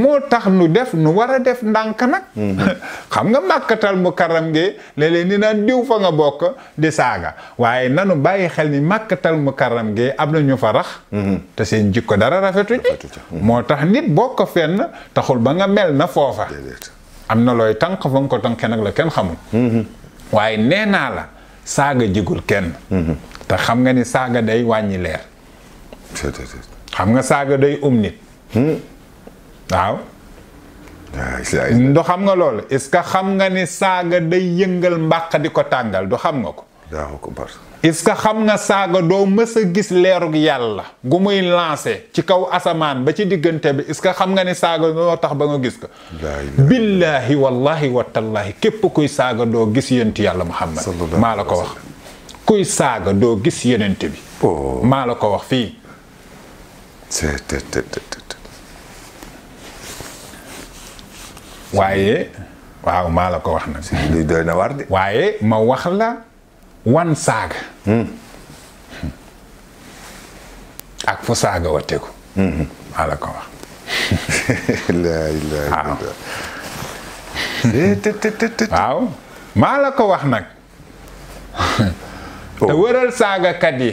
Speaker 2: moo tax nu def nu war a def ndànk nag mhm. xam nga màkkatal mu karam gee léeg ni naan diw fa nga bokk di saaga waaye nanu bàyyi xel ni màkkatal mu karam gee am na ñu fa rax mhm. te seen ko dara rafetu ci moo tax nit bokk fen taxul ba nga mel na foofa am na looy tànk fa nga ko tànkee nag la kenn xamul waaye nee naa la saaga jigul kenn te xam nga ni saaga day wàññi leer xam nga saaga day um nit. Hmm? waaw. du xam nga loolu est ce que xam nga ni saaga day yëngal mbàq di ko tàngal du xam nga ko. est ce xam nga saaga doo mës a gis leeru yàlla gu muy lancé ci kaw asamaan ba ci diggante bi est ce que xam nga ne saaga doo tax ba nga gis ko. billaahi wallaahi watallaahi képp kuy saaga doo gis yonentu yàlla Muhammad maa la ko wax. kuy saaga doo gis yonent bi. Oh. maa la ko wax fii. waaye waaw maa la ko wax na si li na war de waaye ma wax la wan saaga hmm. ak fu saaga wa maa la ko wax nag oh. te wëral saagakat yi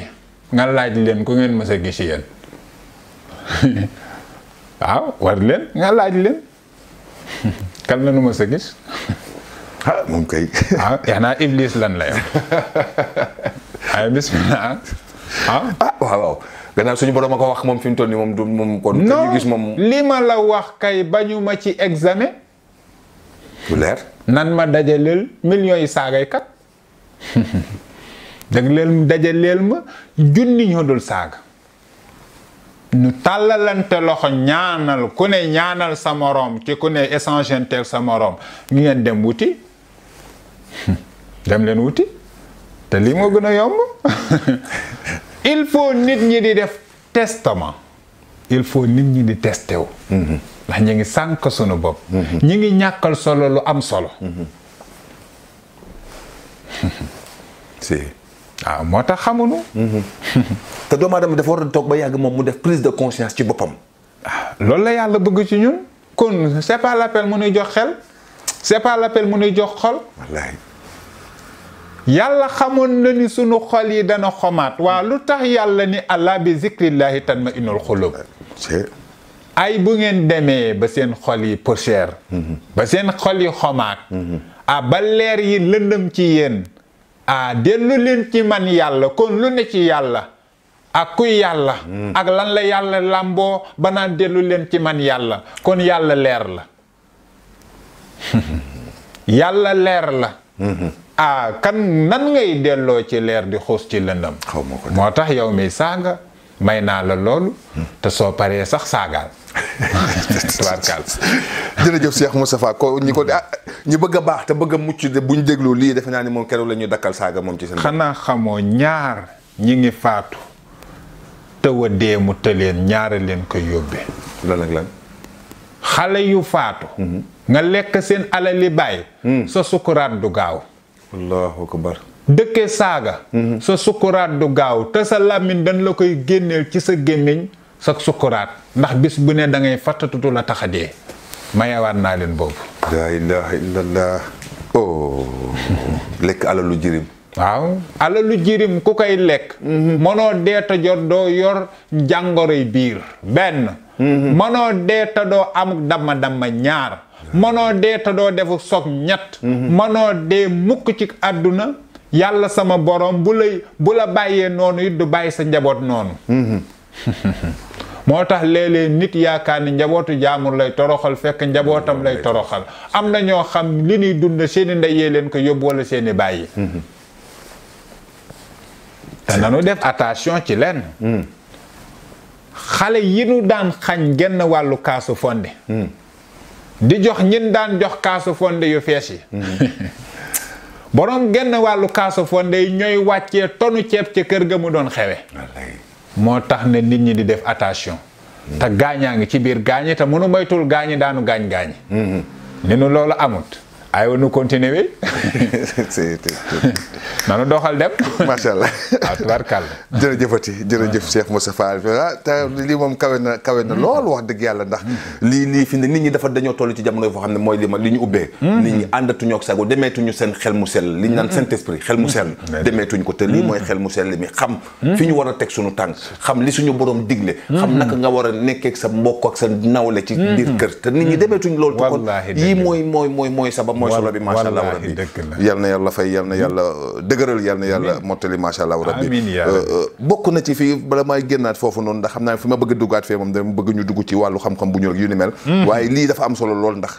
Speaker 2: nga laaj leen ku ngeen mës a gis yéen waaw ah, war leen nga laaj leen kan la nu ma sa gis ah moom kay ah xanaa iblis lan la yow ay bismillah ah? ah waaw waaw gannaaw suñu borom a ko wax moom fi mu toll moom du
Speaker 1: moom kon moom
Speaker 2: li ma la wax kay bañu ma ci examen nan ma dajaleel millions yi saagaykat dëgg leel dajaleel ma junni ñoo dul saaga nu tàllalante loxo ñaanal ku ne ñaanal sa moroom ci ku ne échangenteel sa moroom ñu ngeen dem wuti dem leen wuti te lii moo gën a yomb il faut nit ñi di def testament il faut nit ñi di testé wu mhm. ndax ñu ngi sànk sunu bopp mhm. ñi ngi ñàkkal solo lu am solo mhm. waaw ah, moo tax xamuñu. Mhm. te doomu aadama dafa war a toog ba yàgg moom mu def prise de conscience ci boppam. Ah, loolu la yàlla bëgg ci ñun kon c'est pas l'appel mu nuy jox xel c'est pas l'appel mu nuy jox xol. yàlla xamoon na ni sunu xol yi dana xomaat waa lu tax yàlla ni allah bi zikrillahi tatma innul xulub euh, ay bu ngeen demee ba seen xol yi poussière mhm. ba seen xol yi xomaat mhm. ah ba leer yi lëndëm ci yéen ah dellu leen ci man yàlla kon lu ne ci yàlla ak kuy yàlla hmm. ak lan la yàlla làmboo ba naan dellu leen ci man yàlla kon yàlla leer la yàlla leer la ah kan nan ngay delloo ci leer di xoos ci lëndam moo tax yow mi saaga may naa la loolu hmm. te soo paree sax saagaal tubaarkaal
Speaker 1: jërëjëf Cheikh Moustapha ko ñi ko ah
Speaker 2: ñu bëgg a baax te bëgg a mucc bu ñu déglu lii defe naa ni moom keroog la ñu dakkal saaga moom ci seen xanaa xamoo ñaar ñi ngi faatu te dee mu tëleen ñaare leen koy yóbbee lan ak xale yu faatu mhm. nga lekk seen alali bàyyi mhm. sa sukuraat du gaaw allahu akbar dëkke saaga mhm. sa sukuraat du gaaw te sa làmmiñ dañ la koy génneel ci sa gémmiñ sak sukkuraat ndax bis bu ne dangay ngay fàttatutu la tax a dee mayewaat naa leen boobu.
Speaker 1: laa ilaha illallah. oh. lekk alalu jirim.
Speaker 2: waaw alalu jirim ku koy lekk. Mhm. mënoo dee ta doo yor jàngoroy biir benn. Mhm. mënoo dee ta doo am damma damma ñaar. mënoo dee ta doo defu soog ñett. Mhm. mënoo dee mukk ci àdduna. yàlla sama borom bu lay bu la bàyyee noonu it du bàyyi sa njaboot noonu. moo tax léeg-léeg nit yaakaar ni njabootu jaamur lay toroxal fekk njabootam lay toroxal am na ñoo xam li ñuy dund seeni ndeyee leen ko yóbbu wala seeni bàyyi te nanu def attention ci leen xale yi nu daan xañ genn wàllu kaasu fonde di jox ñin daan jox kaasu fonde yu fees yi boroom genn wàllu kaasu fonde yi ñooy wàccee tonu ceeb ci kër ga mu doon xewe moo tax ne nit ñi di def attention te gaañaa ngi ci biir gaañi mu mënu moytul gaañi daanu gaañ gaañi mm-hmm. ne nu loolu amut aywa nu continuer wi nanu doxal dem a
Speaker 1: allah waaw ah, tubaarkàlla jërëjëfati jërëjëf ah. Cheikh Moussa sa ah te lii moom kawe na kawe na hmm. lool wax dëgg yàlla ndax hmm. lii lii fi ne nit ñi dafa dañoo toll ci jamono foo xam ne mooy li ma li ñu ubbee hmm. nit ñi àndatuñu ak sago demeetuñu seen xel mu sell li ñu naan Saint Esprit xel mu sell ko te lii mooy xel mu sell mi xam fi ñu war a teg suñu tànk xam li suñu borom digle xam naka nga war a nekkeek sa mbokk ak sa nawle ci biir kër te nit ñi demeetuñ loolu te kon yii mooy mooy mooy mooy sabab boobu mooy solo bi macha allah rabbi yal na yàlla fay yal na yàlla uh, dëgëral yal na yàlla mottali macha allah rabbi uh, uh, bokk na ci fii bala may génnaat foofu noonu ndax xam naa fi ma bëgg duggaat fee moom dama bëgg ñu dugg ci wàllu xam-xam bu ñu yu ni mel hmm. waaye lii dafa am solo lool ndax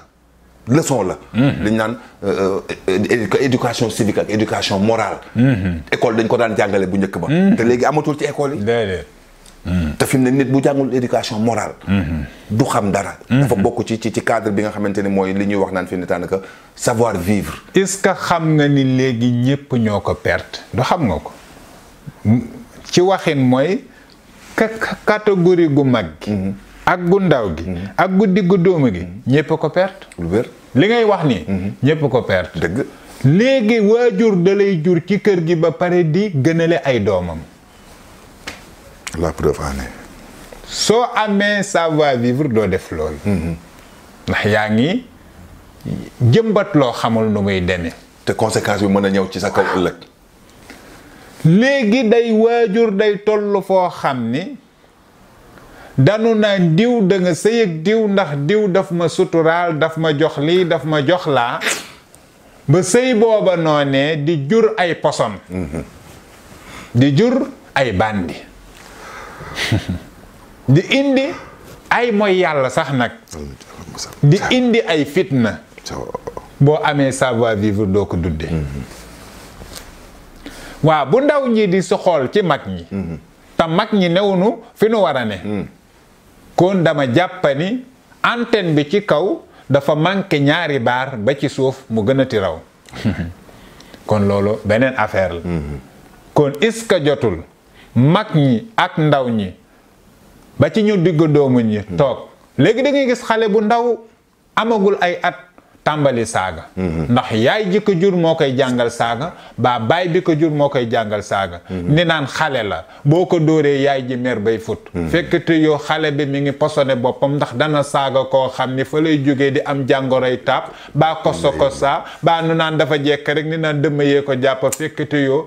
Speaker 1: leçon la hmm. li naan éducation civique ak éducation morale hmm. dañ ko daan jàngale bu njëkk ba te léegi amatul ci école te fi mu ne nit bu jàngul éducation morale. Mhm. du xam dara. Mhm. dafa bokk ci ci ci cadre bi nga xamante ni mooy li ñuy wax naan fi mu ne daanaka
Speaker 2: savoir vivre. est-ce que xam nga ni léegi ñépp ñoo ko perte du xam nga ko ci waxin mooy catégorie gu mag gi. Mhm. ak gu ndaw gi. ak gu diggu dóomu gi. ñépp ko perte. li ngay wax nii. ñépp ko perte. dëgg léegi waajur da lay jur ci kër gi ba pare di gënale ay doomam. la soo amee savoir vivre doo def loolu. Mm-hmm. ndax yaa ngi jëmbat loo xamul nu muy deme te conséquence bi mën a ñëw ci sa kaw ëllëg. léegi day waajur day toll foo xam ni danu naan diw danga nga sëy diw ndax diw daf ma suturaal daf ma jox lii daf ma jox laa ba sëy booba noonee di jur ay poson. Mm-hmm. di jur ay bandi. di indi ay mooy yàlla sax nag di indi ay fitna boo amee savoir vivre doo ko dudde waaw bu ndaw ñi di soxool ci mag ñi te mag ñi newunu fi nu war a ne kon dama jàppani ni antenne bi ci kaw dafa manqué ñaari baar ba ci suuf mu gën a ti raw kon loolu beneen affaire la mm-hmm. kon est jotul mag ñi ak ndaw ñi ba ci ñu digg doomu ñi toog léegi da ngay gis xale bu ndaw amagul ay at tàmbali saaga ndax yaay ji jur moo koy jàngal saaga baa baay bi ko jur moo koy jàngal saaga ni naan xale la boo ko dooree yaay ji mer bay fut fekk te yoo xale bi mu ngi posone boppam ndax dana saaga koo xam ni fa lay jógee di am jàngoroy taab baa koso kosa baa nu naan dafa jekk rek ni naan dëmm yee ko jàpp fekk te yoo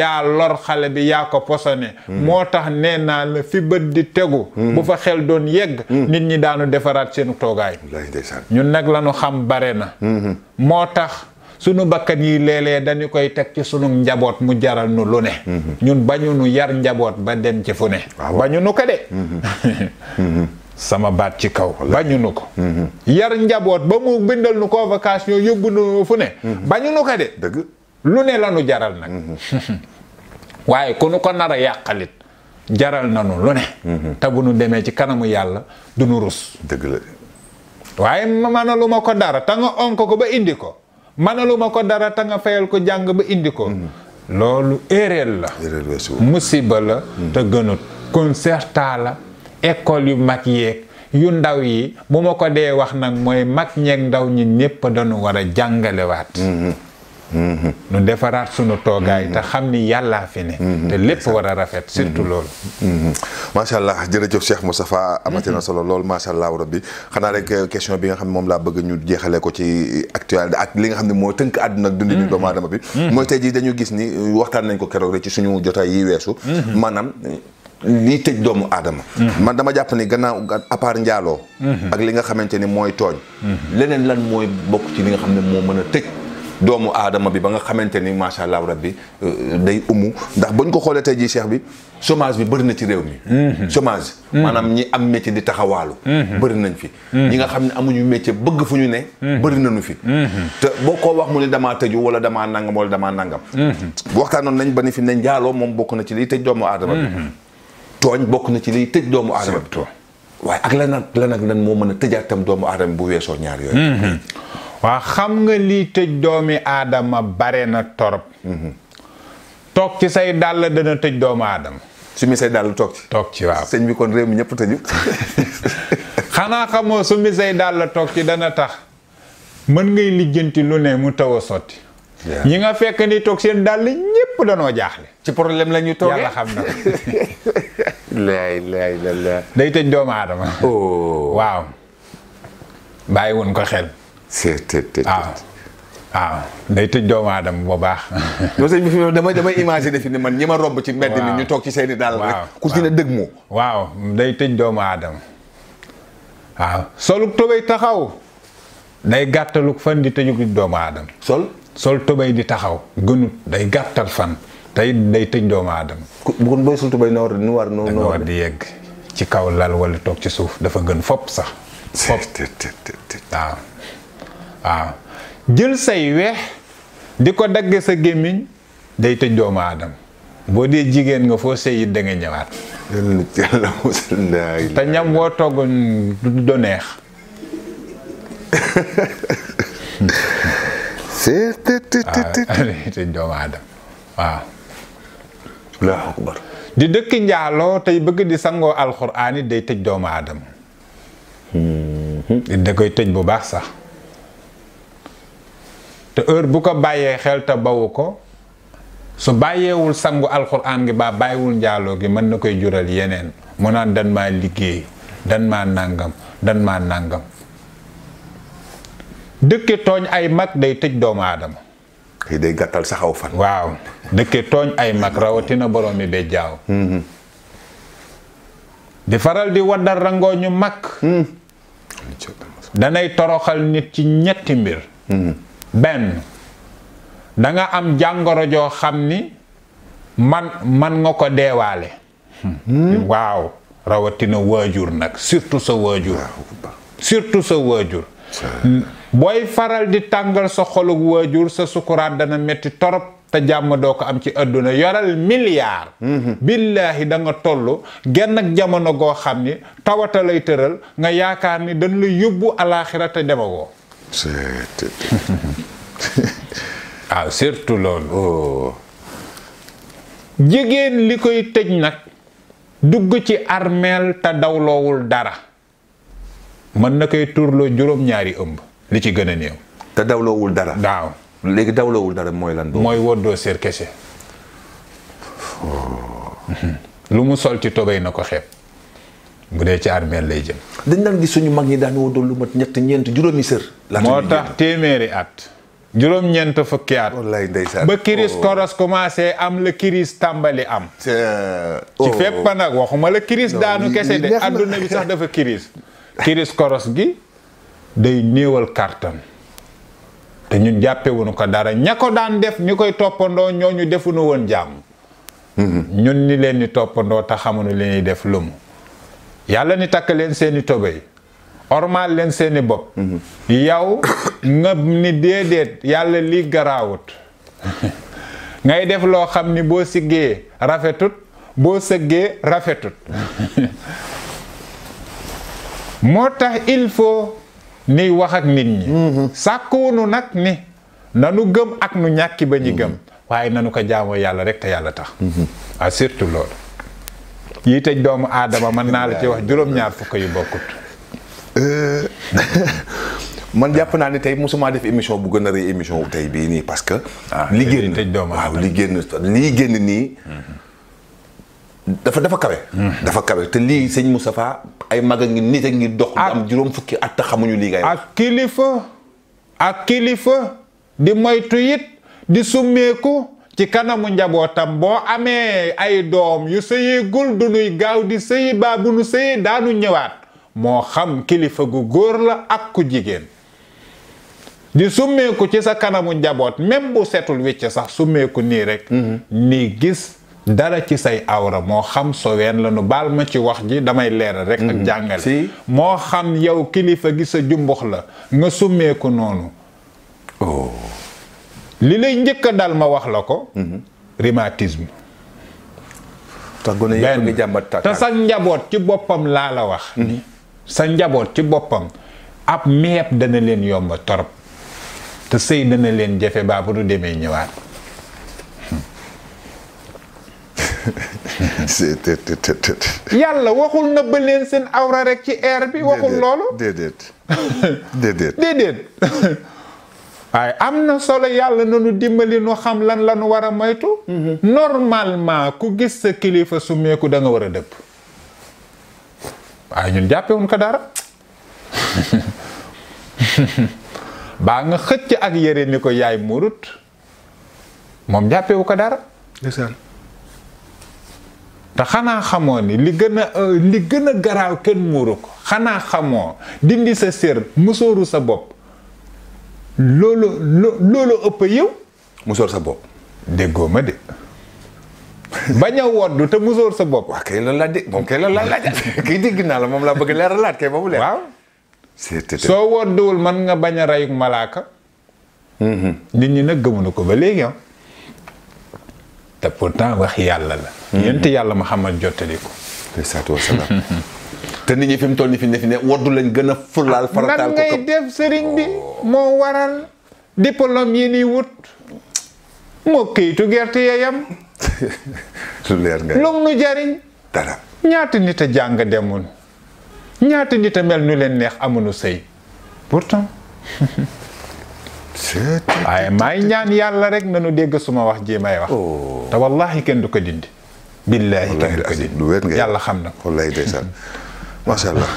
Speaker 2: yaa lor xale bi yaa ko posone moo tax nee naa la fi bët di tegu bu fa xel doon yegg nit ñi daanu defaraat seen toogaay ñun nag moo tax sunu bakkan yi léeg dañu koy teg ci sunu njaboot mu jaral nu lu ne ñun bañu nu yar njaboot ba dem ci fu ne bañu nu ko de sama baat ci kaw bañu nu ko yar njaboot ba mu bindal nu convocation yóbbu nu fu ne bañu nu ko de dëgg lu ne la nu jaral nag mhm. waaye ku nu ko nar a yàqalit jaral nanu lu ne mhm. te nu demee ci kanamu yàlla du nu rus waaye manalu ma ko dara ta nga onk ko ba indi ko manaluma ko dara ta nga fayal ko jàng ba indi ko mm-hmm. loolu éréel la musiba la mm-hmm. te gënut concertat la école yu mag yeeg yu ndaw yi bu ma ko dee wax nag mooy mag ñeeg ndaw ñi ñépp dañu war a jàngalewaat mm-hmm. nu defaraat sunu toogaay te xam ni yàllaa fi ne te lépp war a rafet surtout loolu
Speaker 1: macha allah jërëjëf Cheikh Moustapha amate na solo loolu macha allah war bi xanaa rek euh, question bi nga xam ne moom laa bëgg ñu jeexale ko ci actualité ak li nga xam ne moo tënk àdduna ak dundi ni doomu aadama bi mooy tey jii dañu gis ni euh, waxtaan nañ ko keroog rek ci suñu jotaay yi weesu maanaam euh, lii tëj doomu aadama man dama jàpp ni gannaaw à part njaaloo ak li nga xamante ni mooy tooñ mm-hmm. leneen lan mooy bokk ci li nga xam ne moo mën a tëj doomu aadama bi ba nga xamante ni macha allah rabbi euh, day umu ndax ba bañ ko xoolee tey jii cheikh bi chômage bi bëri na ci réew mi. Mhm. chômage. Mhm. maanaam ñi am métier di taxawaalu. Mhm. bëri nañ fi. ñi nga xam ne amuñu métier bëgg fu ñu ne. bëri nañu fi. te boo koo wax mu ne damaa tëju wala damaa nangam wala damaa nangam. waxtaanoon nañ ba ni fi ne njaaloo moom bokk na ci liy tëj doomu aadama bi. tooñ bokk na ci liy tëj doomu aadama bi. waaye
Speaker 2: ak la ak la nag lan moo mën a tëjaat tam doomu
Speaker 1: aadama bu weesoo ñaar
Speaker 2: yooyu. waa xam nga lii tëj doomi aadama bare na torop mhm. toog ci say dàll dana tëj doomu aadama su mi say dàll toog ci toog ci waaw sëñ bi kon réew mi ñëpp tëju xanaa xamoo su mi say dàll toog ci dana tax mën ngay ligganti lu ne mu taw a sotti ñi nga fekk ni toog seen dàll ñëpp danoo jaaxle ci problème la ñu toogee yàlla xam na laay laay la day tëj doomu aadama oh. waaw bàyyi woon ko xel seet waaw ah, ah, day tëj doomu aadama bu baax. non sëñ bi fi damay damay imaginer fi man ñi ma romb ci mbedd mi ñu toog ci seeni daal
Speaker 1: ku ci ne dëgg moo
Speaker 2: waaw day tëj doomu aadama waaw soluk tubéy taxaw day gàttaluk fan di tëjuk doomu aadama sol sol tubéy di taxaw gënut day gàttal fan tey day tëj doomu aadama bu kon booy sol tubéy na war nu war nu war di yegg ci kaw lal wala toog ci suuf dafa gën fopp sax fopp waaw waaw jël say weex di ko dagge sa gémmiñ day tëj doomu aadama boo dee jigéen nga foo sëy it da nga ñëwaat te ñam woo toggoon du doneex tëj doomu aadama waaw di dëkk njaaloo tey bëgg di sangoo alxuraan it day tëj doomu aadama hmm. da koy tëj bu baax sax te heure bu ko bàyyee xel te bawu ko su bàyyeewul sangu alxuraan gi baa bàyyiwul njaaloo gi mën na koy jural yeneen mu naan dan maa liggéey dan maa nàngam dan maa nàngam dëkke tooñ ay mag day tëj doomu aadama kii day gàttal sax fan waaw dëkke tooñ ay mag rawatina borom mi be jaaw mm-hmm. di faral di waddal rangoo ñu mag mm-hmm. danay toroxal nit ci ñetti mbir mm-hmm. benn danga am jàngoro joo xam ni man man nga ko deewaale hmm. Hmm. waaw rawatina waajur nag surtout sa waajur surtout sa waajur booy faral di tàngal sa xolug waajur sa sukuraat dana metti torop te jàmm doo ko am ci àdduna yoral milliard hmm. billaahi danga nga toll genn ak jamono goo xam ni tawatalay tëral nga yaakaar ni dañ la yóbbu alaaxira te demagoo ah surtout loolu. Oh. jigéen li koy tëj nag dugg ci armeel te dawloowul dara mën na koy turloo juróom-ñaari ëmb li ci gën a néew. te dawloowul dara. waaw léegi dawloowul dara mooy lan. mooy woddoo séer kese. Oh. lu mu sol ci togay na ko xeeb. bu dee ci armeel lay jëm.
Speaker 1: dañ daan gis suñu mag ñi daan wóodoo lu mat ñett ñeent juróomi sër.
Speaker 2: laata moo tax téeméeri at. juróom-ñeent fukki at. wallaay ndeysaan ba kiris oh. koros commencé am la kiris tàmbali am. Euh, ci oh. fépp nag waxuma la kiris daanu kese de adduna bi sax dafa kiris. kiris koros gi day néewal kàttan te ñun jàppewuñu ko dara ña ko daan def ñu koy toppandoo ñoo ñu defuñu woon jàmm. Mm-hmm. ñun ni leen di toppandoo te xamuñu li ñuy def lumu. yàlla ni takk leen seeni tobay ormaal leen seeni bopp yow nga ni déedéet yàlla lii garaawut ngay def loo xam ni boo siggee rafetut boo sëggee rafetut moo tax il faut ni wax ak nit ñi mhm. sàkkuwunu nag ni nanu gëm ak nu ñàkki ba ñu mhm. gëm waaye nanu ko jaamoo yàlla rek te yàlla tax mhm. ah surtout loolu yi tëj doomu aadama mën naa la ci wax juróom-ñaar fukk yu bokkut. Euh, man jàpp naa ne tey mosuma def émission bu gën a
Speaker 1: rëy émission tey bii nii parce que. Ah, li génn tëj doomu aadama waaw li génn lii génn nii. dafa dafa kawe. Hmm. dafa kawe te lii sëñ Moustapha ay mag a ngi nit
Speaker 2: a ngi dox. am juróom fukki at xamuñu lii ngay ak kilifa ak kilifa di moytu it di summeeku. ci kanamu njabootam boo amee ay doom yu sëyeegul du nuy gaaw di sëyi baa bu nu sëyee daanu ñëwaat moo xam kilifa gu góor la ak ku jigéen di summeeku ci sa kanamu njaboot même bu setul wicc sax summeeku nii rekk mhm. ni gis dara ci say awra moo xam soween la nu baal ma ci wax ji damay leeral rek ak mhm. jàngale moo xam yow kilifa gi sa jumbux la nga summeeku noonu oh. li lay njëkk a dal ma wax la ko. Mhm. rhumatisme. tax gone yëpp ngi jàmbat te sa njaboot ci boppam laa la wax. Mhm. sa njaboot ci boppam ab meeb dana leen yomb torop te sëy dana leen jafe baa bu du demee ñëwaat. yàlla waxul na leen seen awra rek ci air bi. waxul loolu déedéet déedéet. waaye am na solo yàlla na nu dimbali nu xam lan la nu war a moytu. Mhm. normalement ku gis sa kilifa summeeku da nga war a dëpp. waaye ñun jàppewuñ ko baa nga xëcc ak yére ni ko yaay murut moom jàppewu ko dara. te xanaa xamoo ni li gën a euh, li gën a garaaw kenn muuru ko xanaa xamoo dindi sa sér musóoru sa bopp. loolu loolu ëpp yow. musóor sa bopp. déggoo ma de. bañ a woddu te musóor sa bopp. waaw kay la laaj de moom kay la laaj kay la moom laa bëgg leeralaat kay moom leer. waaw. soo wodduwul man nga bañ a rayuk malaaka. Mm-hmm. nit ñi nag gëmuñu ko ba léegi ah. te pourtant wax yàlla la. Mm-hmm. yent yàlla Muhammad jottali ko.
Speaker 1: alayhi
Speaker 2: te nit ñi fi mu toll nii fi
Speaker 1: ne fi ne woddu lañ gën a fulaal farataal ko ngay
Speaker 2: def sëriñ bi oh. moo waral diplôme yi ni wut moo këyitu gerte yeyam lu leer nu jariñ ñaata nit a jàng demoon ñaata nit a mel nu leen neex amuñu sëy pourtant waaye maay ñaan yàlla rek nu dégg suma wax ji may wax oh. te wallahi kenn du ko dindi billaahi kenn du ko dindi yàlla xam na ko macha allah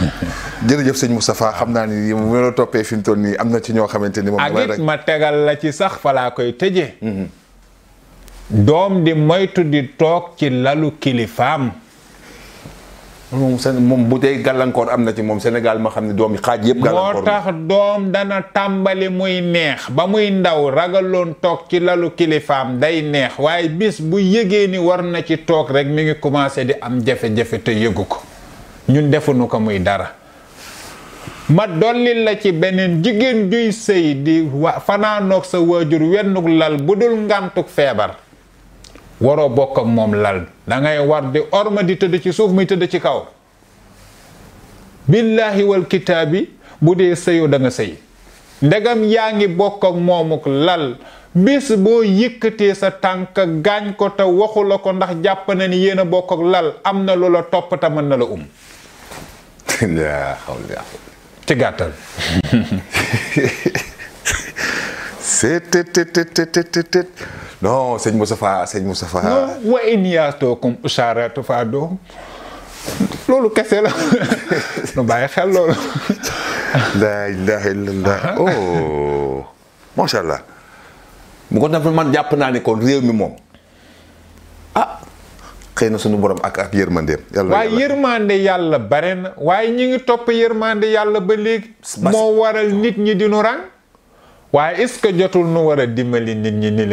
Speaker 1: jërëjëf sëñ Moustapha xam naa ni mu la toppee fi mu nii am na ci ñoo xamante ni moom. ak
Speaker 2: ma tegal la ci sax fa koy tëjee. doom moytu di toog ci lalu kilifaam. moom seen moom bu dee gàllankoor am na ci moom
Speaker 1: Sénégal ma xam ne doom yi xaaj yëpp. gàllankoor moo tax
Speaker 2: doom dana tàmbali muy neex ba muy ndaw ragaloon toog ci lalu kilifaam day neex waaye bis bu yëgee ni war na ci toog rek mu ngi commencé di am jafe-jafe te yëgu ko. ñun defuñu ko muy dara ma dollil la ci beneen jigéen juy sëy di wa fanaanoog sa waajur wennuk lal bu dul ngàntuk feebar waroo bokk ak moom lal dangay war di orma di tëdd ci suuf muy tëdd ci kaw billaahi wal kitaabi bu dee sëyu da nga sëy ndegam yaa ngi bokk ak moomuk lal bis boo yëkkatee sa tànk gaañ ko te waxu la ko ndax jàpp na ni yéen a bokk ak lal am na lu la topp mën na la um laa xawla ci gàttal.
Speaker 1: seetetetetetetet non sëñ Moustapha sëñ Moustapha. non
Speaker 2: wa in yaatoo comme Ousara Tufa doo loolu kese la nu bàyyi xel loolu.
Speaker 1: la ilaha illallah oh macha allah. mu ko def man jàpp naa ne ko réew mi moom ah, xëy na sunu borom ak ak yërmande. yàlla waaye
Speaker 2: yërmande yàlla bare na waaye ñi ngi topp yërmande yàlla ba léegi. moo waral nit ñi di nu rang. waaye est-ce que jotul nu war a dimbali nit ñi ni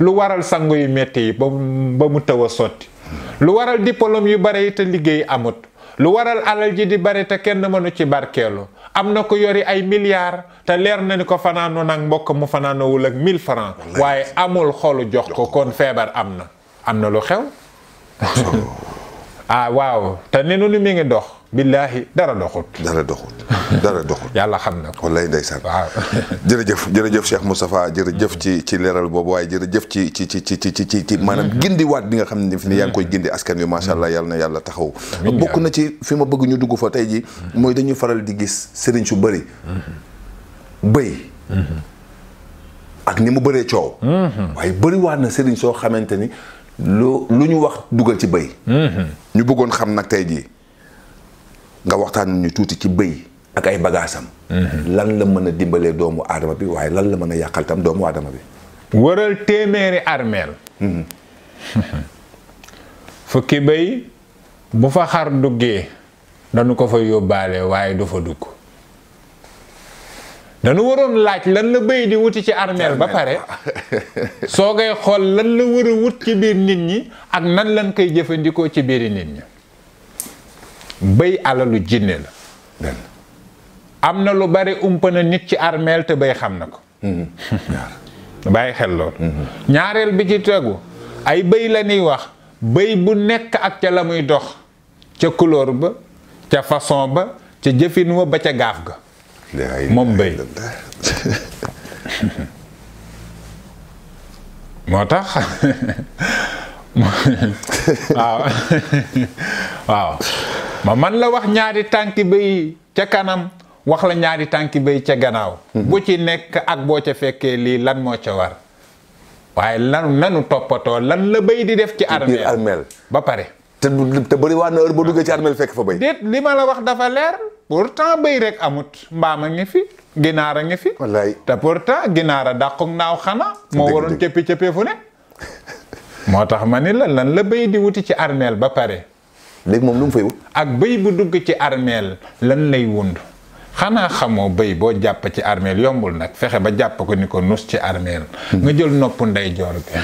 Speaker 2: lu waral sangu yu métti yi mu taw a sotti. lu waral diplôme yu bare yi te liggéey amut. lu waral alal ji di bare te kenn mënu ci barkeelu am na ko yori ay milliards te leer na ni ko fanaanu nag mbokk mu fanaanoowul ak 1000 francs waaye amul xolu jox ko kon feebar am na am na lu xew ah waaw te ne nu mi ngi dox. billaahi dara doxut. dara doxut dara doxut. yàlla xam na ko. wallaay ndeysaan. waaw
Speaker 1: jërëjëf jërëjëf Cheikh Moustapha jërëjëf ci ci leeral boobu waaye jërëjëf ci ci ci ci ci ci ci maanaam mm-hmm. gindi waat bi nga xam ne fi ne yaa ngi koy mm-hmm. gindi askan wi macha allah yàlla na yàlla taxaw. bokk na ci fi ma bëgg ñu dugg fa tey ji mm-hmm. mooy dañuy faral di gis sëriñ su bëri. bëy. ak ni mu bëree coow. waaye bëri waat na sëriñ soo xamante ni. lu lu ñu wax dugal ci bëy mhm. ñu bëggoon xam nag tey jii nga waxtaan ñu tuuti ci bëy ak ay bagaasam mhm. lan la mën a dimbalee doomu aadama bi waaye lan la mën a yàqal tam
Speaker 2: doomu aadama bi wëral téeméeri armeel mhm. fukki bëy bu fa xar duggee dañu ko fa yóbbaale waaye du fa dugg dañu waroon laaj lan la béy di wuti ci armeel ba pare soo ngay xool lan la war a wut ci biir nit ñi ak nan lan koy jëfandikoo ci biiri nit ñi béy alalu jinne la am na lu bari umpa na nit ci armeel te béy xam na ko mm-hmm. bàyyi xel lool mm-hmm. ñaareel bi ci tegu ay béy la ñuy wax béy bu nekk ak ca la muy dox ca couleur ba ca façon ba ca jëfin wa ba ca gaaf ga moom mbay moo tax moo waaw ma man la wax ñaari tànki bay ca kanam wax la ñaari tànki bay ca gannaaw mhm. bu ci nekk ak boo ca fekkee lii lan moo ca war waaye lan nanu toppatoo lan la bay di def ci armeel ba pare te te bëri waa na heure boo duggee ci armeel fekk fa bay déet li ma la wax dafa leer pourtant béy rek amut mbaam a ngi fi ginaar a ngi fi. wallaay te pourtant ginaar a dàqu naaw xanaa. moo waroon cëppi cëppee fu ne. moo tax ma ni la lan la béy di wuti ci armeel ba pare.
Speaker 1: léegi moom lu mu fay
Speaker 2: ak béy bu dugg ci armeel lan lay wund xanaa xamoo béy boo jàpp ci armeel yombul nag fexe ba jàpp ko ni ko nus ci armeel nga hmm. jël nopp ndeyjoor bi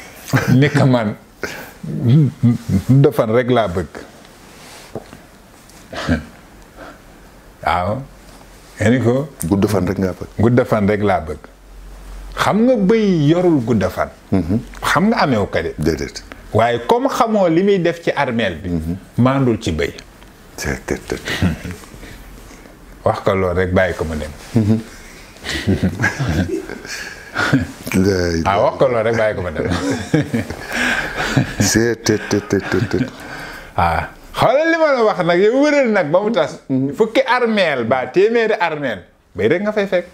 Speaker 2: ni ko man defan laa bëgg. waaw nga ni ko gudd fan rek ngaa bëgg gudd rek laa bëgg xam nga bëy yorul gudd mhm. xam nga ameew ko de waaye comme xamoo li muy def ci armeel bi mhm. maandul ci bëy wax ko loolu rek bàyyi ko mu dem mhm. ah wax ko loolu rek bàyyi ko mu dem ah xoolal li wax nag yow wëral nag ba mu tas. Mhm. fukki armeel ba téeméeri armeel bay rek nga fay fekk.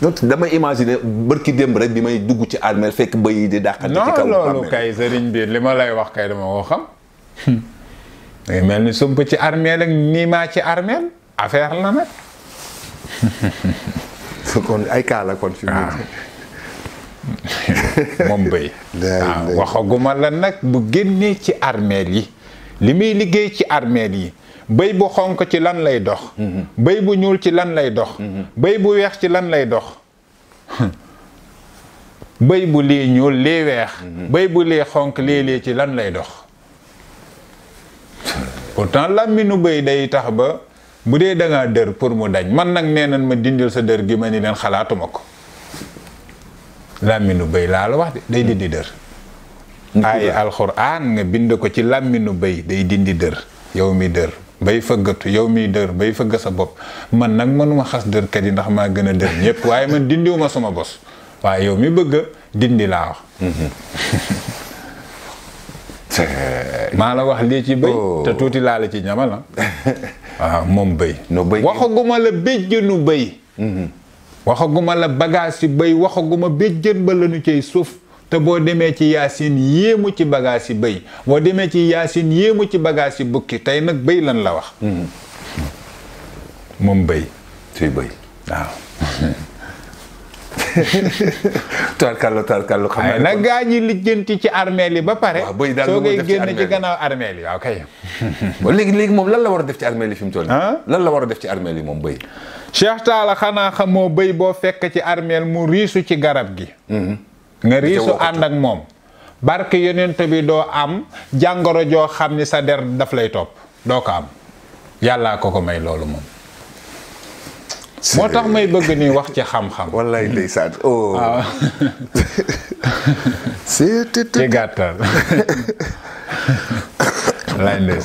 Speaker 1: donc damay imaginer bërki démb rek bi may dugg ci armeel fekk bëy yi di dàqante. ci kaw loolu kay
Speaker 2: sëriñ bi li wax kay dama ko xam. mel ni sump ci armeel ak nii maa ci armeel affaire la nag. kon ay kaa la kon fi mu moom béy waaw ah, waxaguma la nag bu génnee ci armeel yi li muy liggéey ci armeel yi béy bu xonk ci lan lay dox mhm. béy bu ñuul ci lan lay dox mhm. béy bu weex ci lan lay dox béy bu lii weex mhm. béy bu lii xonk lii lii ci lan lay dox pourtant làmminu béy day tax ba bu dee dangaa dër pour mu dañ man nag nee nañ ma dindil sa dër gi ma ni leen xalaatuma ko làmminu béy laa la wax de day dindi dër ay alxuraan nga bind ko ci làmminu béy day dindi dër yow mi dër bay fëggatu yow mi dër bay fëgg sa bopp man nag mënuma xas dërkat yi ndax maa gën a dër ñëpp waaye man dindiwuma sama bos waaye yow mi bëgg dindi laa wax maa la wax lii ci béy te oh. tuuti laa la ci ñamal waaw ah. ah, moom béy waxaguma la béjjënu béy mm-hmm. waxaguma la bagaas yi béy waxaguma béjjën ba lañu cay suuf te boo demee ci yaasin yéemu ci bagage yi béy boo demee ci yaasin yéemu ci bagage yi bukki tey nag béy lan la wax mm-hmm. moom béy suy béy waaw tarkallu tarkallu xam nag gaa ñi lijjanti ci armeel yi ba pare soo ngay génn ci gannaaw armeel yi waaw kay léegi léegi moom lan la war a def ci armeel yi fi mu toll lan la war a def ci armeel yi moom béy Cheikh Talla xanaa xamoo béy boo fekk ci armeel mu riisu ci garab gi mm-hmm. nga riisu ànd ak moom bark yonent bi doo am jàngoro joo xam ni sa der daf lay topp doo ko am yàlla ko ko may loolu moom moo tax may bëgg ni wax ci xam-xam wallaay ndeysaan oh ah. ci gàttal wallaay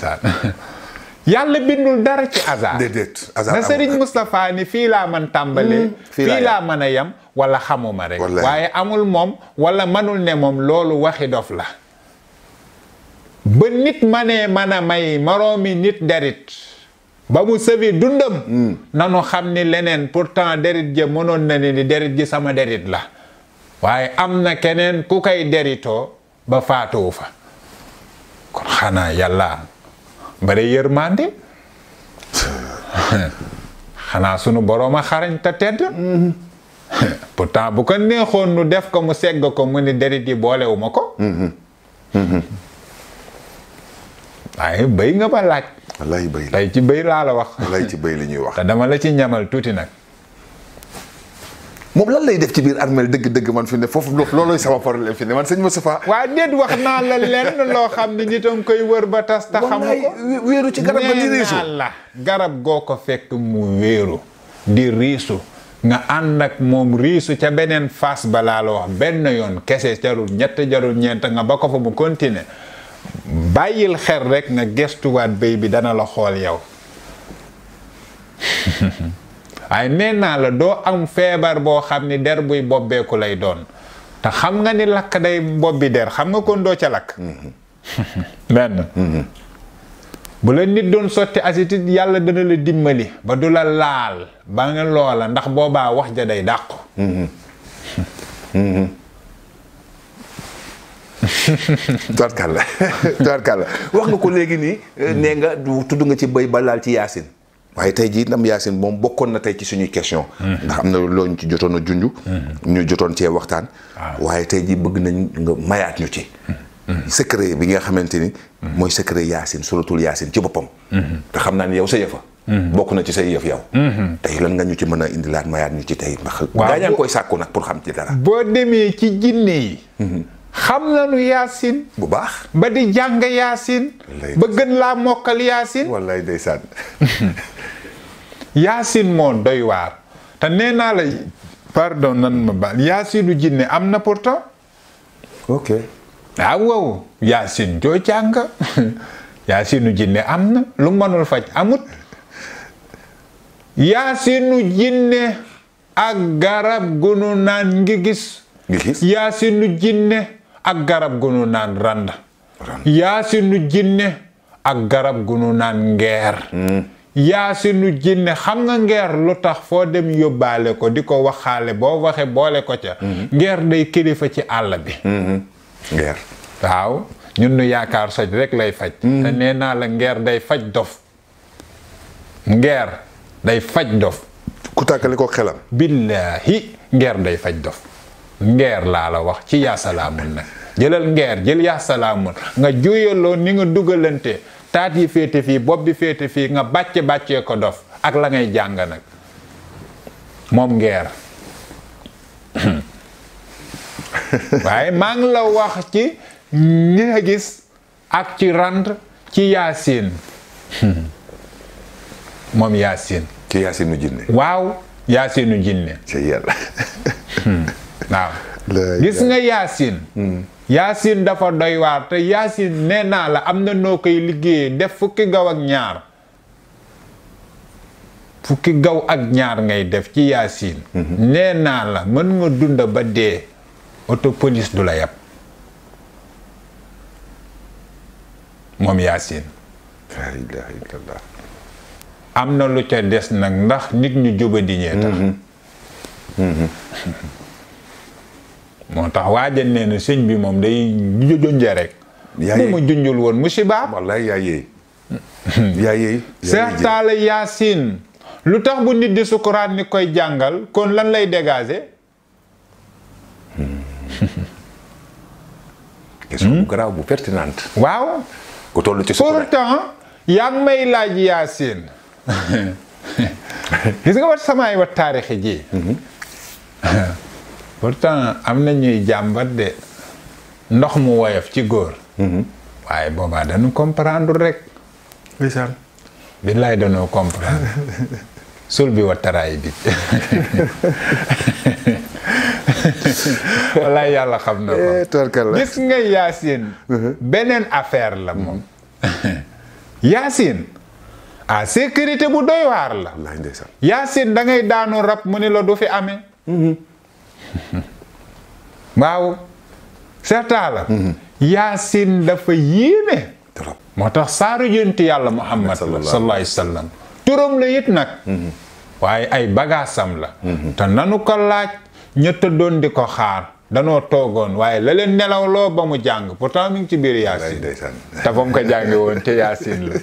Speaker 2: yàlla bindul dara ci hasard. déedéet hasard na Serigne Moustapha ni fii laa man tàmbalee. Hmm, fii laa mën a yem wala xamuma rek. waaye amul moom wala manul ne moom loolu waxi dof la. ba nit ma nee man a may moroomi nit derit ba mu sëbi dundam. Mm. nanu xam ni leneen pourtant derit ja mënoon na ni derit ji sama derit la. waaye am na keneen ku koy deritoo ba faatuwu fa kon xanaa yàlla. bare màndi xanaa sunu boroma a xarañ te tedd bu ko neexoon nu def ko mu segg ko mu ni derit yi boolewuma ko waaye béy nga ba laaj wallaay béy tey ci béy laa la wax wallaay ci béy li ñuy wax te dama la ci ñamal tuuti nag
Speaker 1: moom lan lay def ci biir armeel dëgg-dëgg man fi ne foofu loolooy sama problème fi ne man ma Moustapha. waaw déet wax naa la lenn loo
Speaker 2: xam ni nit a koy wër ba tas. te ci garab gi la garab goo ko fekk mu wéeru di riisu. nga ànd ak moom riisu ca beneen fas ba laa la wax benn yoon kese jarul ñett jarul ñeent nga ba ko fa mu continuer bàyyil xel rek nga gestuwaat béy bi dana la xool yow waaye nee naa la doo am feebar boo xam ni der buy bobbeeku lay doon te xam nga ni lakk day bobbi der xam nga kon doo ca lakk mm-hmm. benn mm-hmm. bu la nit doon sotti asitit yàlla dana la dimbali ba du la laal ba nga loola ndax boobaa wax ja day dàqu tuwaat kàlla
Speaker 1: tuwaat kàlla wax nga ko léegi nii eh, nee nga tudd nga ci bëy ba laal ci yaasin waaye tey jii ndam yaasin moom bokkoon na tey ci suñu question ndax am na loo ñu ci jotoon a junj ñu jotoon cee waxtaan waaye tey jii bëgg nañ nga mayaat ñu ci secret bi nga xamante ni mooy secret yaasin suratul yaasin ci boppam te xam naa ni yow sa yëfa bokk na ci say yëf yow tey lan nga ñu ci mën a indilaat mayaat ñu ci tey ndax gaa koy sàkku nag pour xam ci dara
Speaker 2: boo demee ci jinne yi mhm. xam na nu yaasin bu baax ba di jàng yaasin ba gën laa mokkal yaasin wallaay ndeysaan yaasin moo doy waar te nee naa la pardon nan ma baal yaasinu ah, jinne am na lu mënul faj amut yaasinu jinne ak garab gunu naan ngi gis yaasinu jinne ak garab gu gunu naan randa yaasinu jinne ak garab gu gunu naan ngeer hmm. yaasinu jinne xam nga ngeer lu tax foo dem yóbbaale ko di ko waxaale boo waxe boole ko ca hmm. ngeer day kilifa ci àll bi
Speaker 1: hmm. ngeer
Speaker 2: waaw ñun nu yaakaar soj rekk lay faj te day faj dof ngeer day faj dof ku tàkkale ko xelam billaahi ngeer day faj dof ngeer laa la wax ci yaasalaamun nag jëlal ngeer jël yaa nga juyaloo ni nga dugalante taat yi féete fii bopp bi féete fii nga bàcce bàccee ko dof ak la ngay jàng nag moom ngeer waaye maa ngi la wax ci ñi nga gis ak ci rand ci yaasin moom yaasin ci yaasinu jinne waaw hmm. gis nga yaasin hmm. yaasin dafa doy waar te yaasin nee naa la am na noo koy liggéeyee def fukki gaw ak ñaar fukki gaw ak ñaar ngay def ci yaasin mhm. nee naa la mën nga dund ba dee oto police du la yàpp moom yaasin la ilaha illallah am na lu ca des nag ndax nit ñu jubadi ñee tax mhm. Mhm. moo tax waa nee na sëñ bi moom day junjee rek. yaa mu junjul woon musiba. wallaay yaa yey. yaa yey. Seex Taala Yaasin lu tax bu nit di sukuraat ni koy jàngal kon lan lay dégager. bu hmm? grave waaw. ku toll ci sukuraat yaa ngi may laaj Yaasin. gis nga wat samaay wat taarixi ji. Mhm. pourtant am na ñuy jàmbat de ndox mu woyof ci góor mhm. waaye boobaa dañu comprendre rek ndeysaan billaay dañoo comprendre sul bi wattaraay bi wallaay yàlla xam na ko eh, gis nga Yaasin mhm. beneen affaire la moom mhm. Yaasin sécurité bu doy waar la Yaasin da daanu rab mu ni la du fi amee waaw Seex Taala mm-hmm. yaasin dafa yéeme moo tax saaru yonent yàlla muhammad sallallahu alayhi wa sallam turam la it nag mm-hmm. waaye ay bagaasam la mm-hmm. te nanu ko laaj ñett doon di ko xaar danoo toogoon waaye la leen loo ba mu jàng pourtant mi ngi ci biir yaasin te fa mu ko jànge woon te yaasin la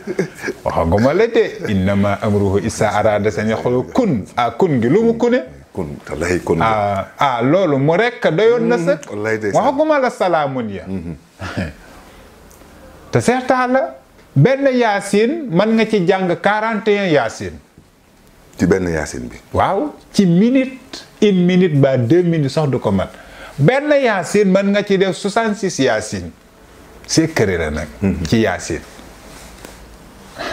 Speaker 2: waxaguma la de innama amruhu isa arada sañ xolu kun a kun gi lu mu kune kon wallaahi kon. ah ah loolu mu rekk doyoon na hmm, sëkk. wallaahi day la salaamun ya hmm, hmm. te seetaan la benn yaasin man nga ci jàng 41 yaasin. ci benn yaasin bi. waaw ci minute une minute ba deux minutes sax du ko mat benn yaasin man nga ci def 66 yaasin. sékkëri la nag. ci yaasin.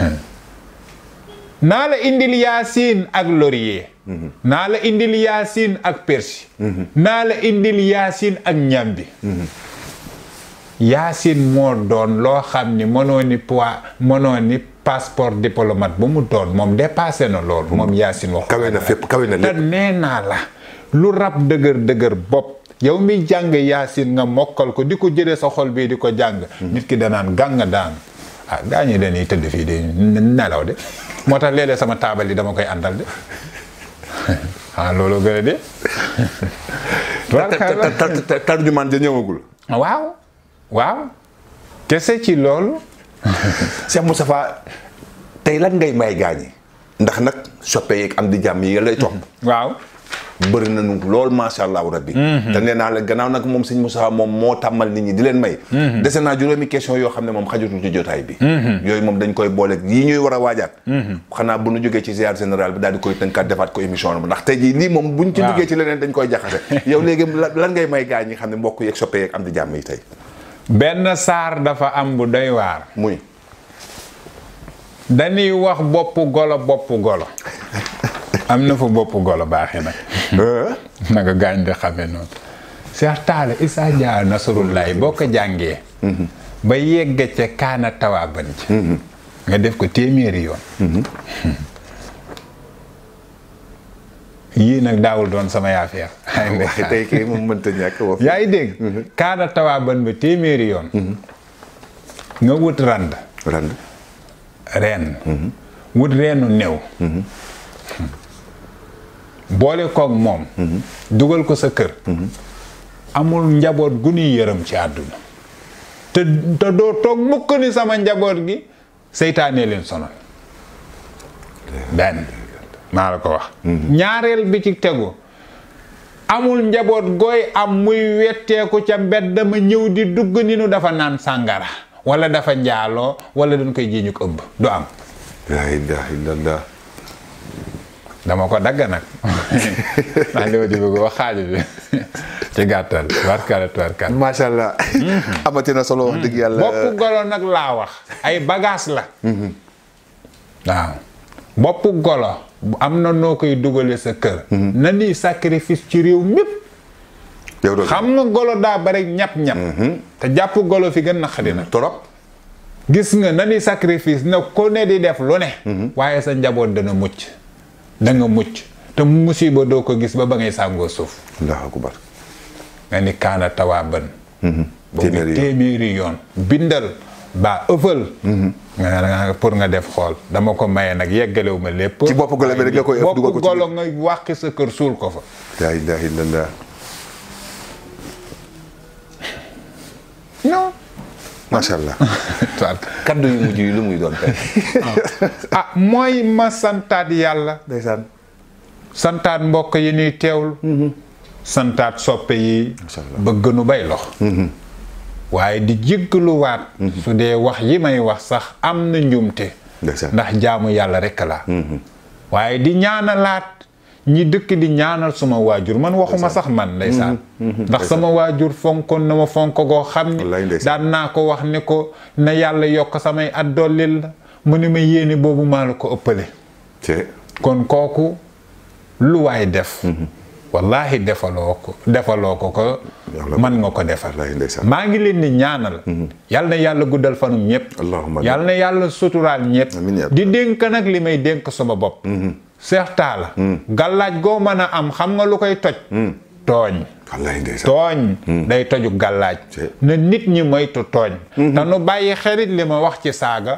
Speaker 2: naa la indil yaasin ak laurier. naa la indil yaasin ak persi naa la indil yaasin ak ñambi yaasin moo doon loo xam ni mënoo ni poids mënoo ni passeport diplomate bu mu doon moom dépassé na lool moom yaasin wax kawe na fépp kawe na lépp te nee naa la lu rab dëgër dëgër yow mi jàng yaasin nga mokkal ko di ko jëlee sa xol bii di ko jàng nit ki danaan gàng daan ah gaa ñi tëdd fii di nelaw de moo tax léeg-léeg sama taabal yi dama koy àndal de ah looloo gën a de. tarjumaan ja ñëwagul. waaw waaw. kese ci lool Cheikh Moustapha tey lan ngay may gaañi
Speaker 1: ndax nag soppe yeeg am di jàmm yi lay topp. waaw. bëri nañu lool macha allah rabbi mhm. te nee naa la gannaaw nag moom sëñ Moussa moom moo tàmmal nit ñi di leen may mhm. dese naa juróomi question yoo xam ne moom xajutul ci jotaay bi mhm. yooyu moom dañ koy boole yi ñuy war a waajaat xanaa bu ñu jógee ci ziar général bi daal di koy tënkaat defaat ko émission bi ndax tey jii lii moom buñ ci duggee ci leneen dañ koy jaxase
Speaker 2: yow léegi lan ngay xam ne mbokk yeeg soppe yeeg am di jàmm yi tey benn saar dafa am bu doy waar muy dañuy wax bopp golo bopp golo am na fu bopp golo baaxee nag. Euh? na nga gaañ di xamee noonu. Cheikh Taala Isaa Jaa boo ko jàngee. Mhm. ba yegg ca kaana tawaaban ji. Mhm. nga def ko téeméeri yoon. Mhm. Hmm. yii nag daawul doon sama yaafeer. Ah, waxi tey kay moom mënta ñàkk yaa ngi dégg. kaana tawaaban ba téeméeri yoon. nga wut rand. rand. reen. wut reenu new. Hmm. boole kook moom. Mhm. dugal ko sa kër. Mhm. amul njaboot gu nuy yërëm ci àdduna. te te doo toog mukk ni sama njaboot gi seytaane leen sonal. benn maa la ko wax. Mhm. ñaareel bi ci tegu. amul njaboot gooy am muy wetteeku ca mbedd dama ñëw di dugg ni nu dafa naan sàngara wala dafa njaaloo wala dañ koy jiiñu ko du am. dama ko dagg nag ndax li ma ci bëgg bi ci gàttal tubarkalla tubarkalla macha allah mhm. amati na solo wax dëgg yàlla boppu golo nag laa wax ay bagaas la mhm. waaw boppu golo am na noo koy dugale sa kër mhm. na ni sacrifice ci réew mépp xam nga golo daa bari ñap-ñap te jàpp golo fi gën naqadi na torop gis nga na ni sacrifice na ko ne di def lu ne waaye sa njaboot dana mucc da mucc te mu musiba doo ko gis ba ba ngay sàngoo suuf allahu akbar nga ni kaana tawaaban
Speaker 1: mhm. boobu
Speaker 2: téeméeri yoon bindal ba ëffal mhm. nga pour nga def xool dama ko maye nag yeggalewu ma lépp ci bopp golo bi rek la koy ëpp dugal ko ci golo nga wàqi sa kër suul ko fa laa ilaaha illallaah non macha allah. kaddu yu mujj yi lu muy doon tey. ah mooy ma santaat yàlla. ndeysaan. santaat mbokk yi ñuy teewul. Mm-hmm. santaat soppe yi. bëgg nu bay lox. Mm-hmm. waaye di jéggaluwaat. Mm-hmm. su dee wax yi may wax sax am na njumte ndax jaamu yàlla rek laa. waaye di ñaanalaat. ñi dëkk di ñaanal suma waajur man waxuma sax man ndeysaan mhm. Mhm. ndax sama waajur fonkoon na ma fonk goo xam ne daan naa ko wax ne ko na yàlla yokk samay at dollil la mu ne ma yéene boobu maa la ko ëppale kon kooku lu waay def mhm. wallahi defaloo ko defaloo ko ko man nga ko defal maa ngi leen di ñaanal na yàlla guddal fanum ñëpp yal na yàlla suturaal ñëpp di dénk nag li may dénk sama bopp Seex Taala hmm. gàllaaj goo mën a am xam nga lu koy toj hmm. tooñ tooñ hmm. day toju gàllaaj na nit ñi moytu tooñ te nu bàyyi xerit li ma wax ci saaga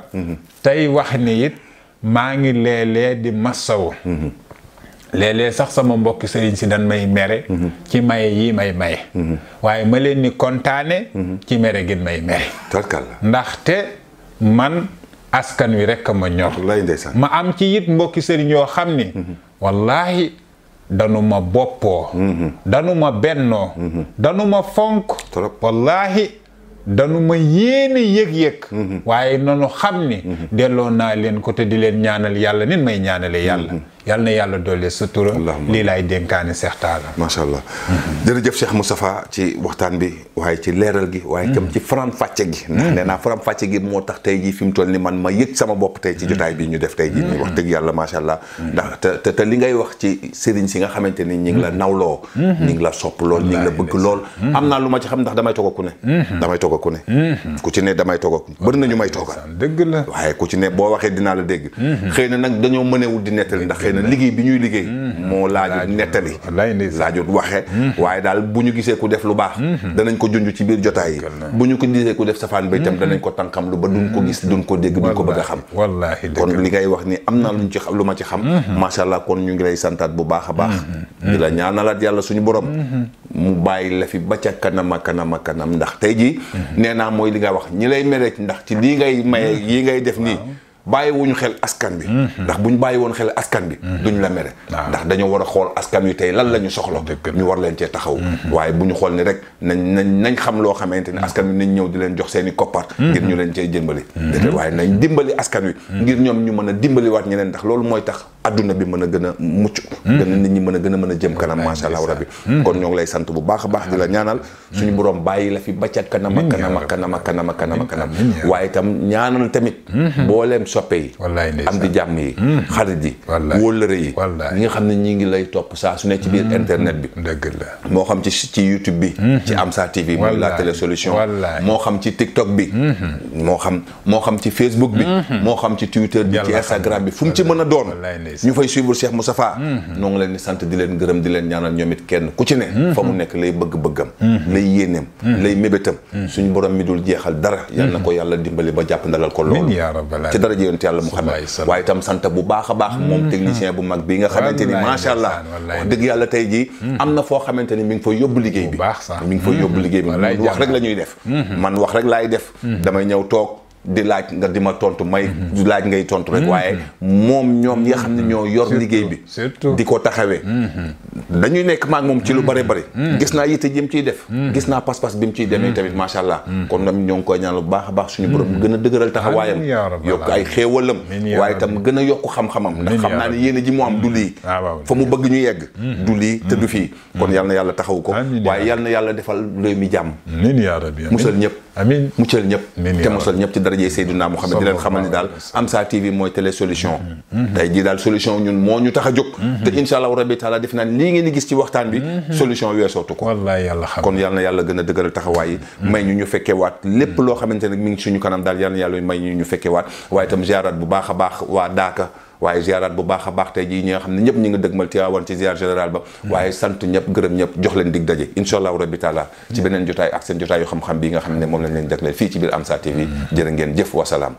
Speaker 2: tey wax ni it maa ngi léeg-léeg di massawu léeg-léeg sax sama mbokki sëriñ si dan may mere ci maye yi may maye waaye ma leen ni kontaane ci mere gi may mere ndaxte man askan wi rek ma ñor ma am ci it mbokki sëriñ yoo xam ni mhm. wallaahi danu ma boppoo mhm. danu ma bennoo mhm. danu ma fonk wallaahi danu ma yéene yëg-yëg waaye nanu xam ni delloo naa leen ko te di leen ñaanal yàlla nit may ñaanale yàlla yal na yàlla doole sutura lii laay dénkaane Cheikh Talla
Speaker 1: macha allah mhm. jërëjëf Cheikh Moustapha ci waxtaan bi waaye ci leeral gi waaye tam mhm. ci faram fàcce gi ndax mhm. nee naa faram fàcce gi moo tax tey jii fi mu toll ni man ma yëg sama bopp tey ci jotaay bi ñu def tey jii nii wax dëgg yàlla macha allah ndax te te li ngay wax ci sëriñ si nga xamante ni ñi la nawloo ñi la sopp lool ñi ngi la bëgg lool am naa lu ma ci xam ndax damay toog ku ne damay toog ku ne ku ci ne damay toog bëri nañu may toogal dëgg la waaye ku ci ne na liggéey bi ñuy liggéey hmm. moo laajut nettali laajut waxe hmm. waaye daal bu ñu gisee ku def lu baax hmm. danañ ko junj ci biir jotaay yi bu ñu ko gisee ku def safaan ba itam danañ ko tànkam lu ba duñ ko gis duñ ko dégg duñ ko bëgg a xam wallaahi kon li ngay wax ni am naa luñ ci xam lu ma ci xam macha allah kon ñu ngi lay santaat bu baax a baax di la ñaanalaat yàlla suñu borom mu bàyyi la fi ba ca kanama kanama kanam ndax tey jii nee naa mooy li ngay wax ñi lay mere ndax ci lii ngay maye yi ngay def nii bàyyi wuñu xel askan bi mhm. ndax bu ñu bàyyi woon xel askan bi mhm. duñ la mere ndax dañoo war a xool askan wi tey lan la ñu soxla ñu war leen cee taxaw mhm. waaye bu ñu xool ni rek nañ nañ nañ xam loo xamante ni askan wi nañ ñëw di leen jox seen i koppar ngir ñu leen cee jëmbali déedéet waaye nañ dimbali askan wi ngir ñoom ñu mën a dimbali waat ñeneen ndax loolu mooy tax adduna bi mën a gën a mucc hmm. gën ñi mën a gën a mën a jëm hmm. kanam macha allah rabbi hmm. kon ñoo lay sant bu baax baax di la ñaanal suñu borom bàyyi la fi ba ca kanam ak kanam ak kanam ak kanam ak kanam ak kanam waaye itam ñaanal tamit booleem soppe yi am di jàmm yi xarit yi wóllëre yi ñi nga xam ne ñu ngi lay topp saa su ne ci biir internet bi dëgg la moo xam ci ci youtube bi ci Amsa TV mooy la télé solution moo xam ci tiktok bi moo xam moo xam ci facebook bi moo xam ci twitter bi ci instagram bi fu mu ci mën a doon ñu fay suivre Cheikh Moustapha ñoo mhm. ngi leen di sant di leen gërëm di leen ñaanal ñoom it kenn ku ci ne mhm. fa mu nekk lay bëgg-bëggam mhm. lay yéeneem lay mébétam suñu borom mi dul jeexal dara yal na ko yàlla dimbali ba jàpp ndalal ko loolu ci daraje yonent yàlla mu xamee waaye itam sant bu baax a baax moom technicien bu mag bi nga xamante ni macha allah wax dëgg yàlla tey jii am na foo xamante ni mi ngi fay yóbbu liggéey bi mi ngi fay yóbbu liggéey bi man wax rek la ñuy def man wax rek laay def di laaj nga di ma tontu may. du mhm. laaj ngay tontu rek mhm. waaye moom ñoom ñi xam ne mhm. ñoo yor liggéey bi. di ko taxawee. dañuy nekk maak moom ci lu bare bare. gis naa yitte ji mu ciy def. gis naa pas-pas bi mu ciy demee tamit macha allah. kon nag ñoo ngi koy ñaan lu a baax suñu borom gën a dëgëral taxawaayam. yokk ay xéewalam. waaye itam gën a yokk xam-xamam. ndax xam naa ne yéen ji mu am du lii. Ah, fa mu bëgg ñu yegg. du lii te du fii. kon yal na yàlla taxaw ko. waaye yal na yàlla defal réew mi jàmm. musal ñëpp amiin muccal ñëpp te mosal ñëpp ci darajee Seydina Muhammad di leen xamal ni daal Amsa TV mooy télé solution mm-hmm. mm-hmm. jii daal solution ñun moo ñu tax a jóg mm-hmm. te insha allahu rabbi taala def naa lii ngeen ni gis ci waxtaan bi solution weesootu ko wallaay yàlla kon yal yàlla gën a dëgëral taxawaay may ñu ñu fekkee waat lépp loo xamante ne mi ngi suñu kanam daal yal na yàlla may ñu ñu fekkee waat waaye itam ziarat bu baax a baax waa daaka waaye ziaraat bu baax a baax tey jii ñi nga xam ne ñëpp ñi nga dëgmal Tiwaawan ci ziar général ba hmm. waaye sant ñëpp gërëm ñëpp jox leen dig daje insha allahu rabbi taala ci hmm. beneen jotaay ak seen jotaay yu xam-xam bi nga xam ne moom lañ leen jagleel fii ci biir Amsa TV hmm. jërë jëf wasalaam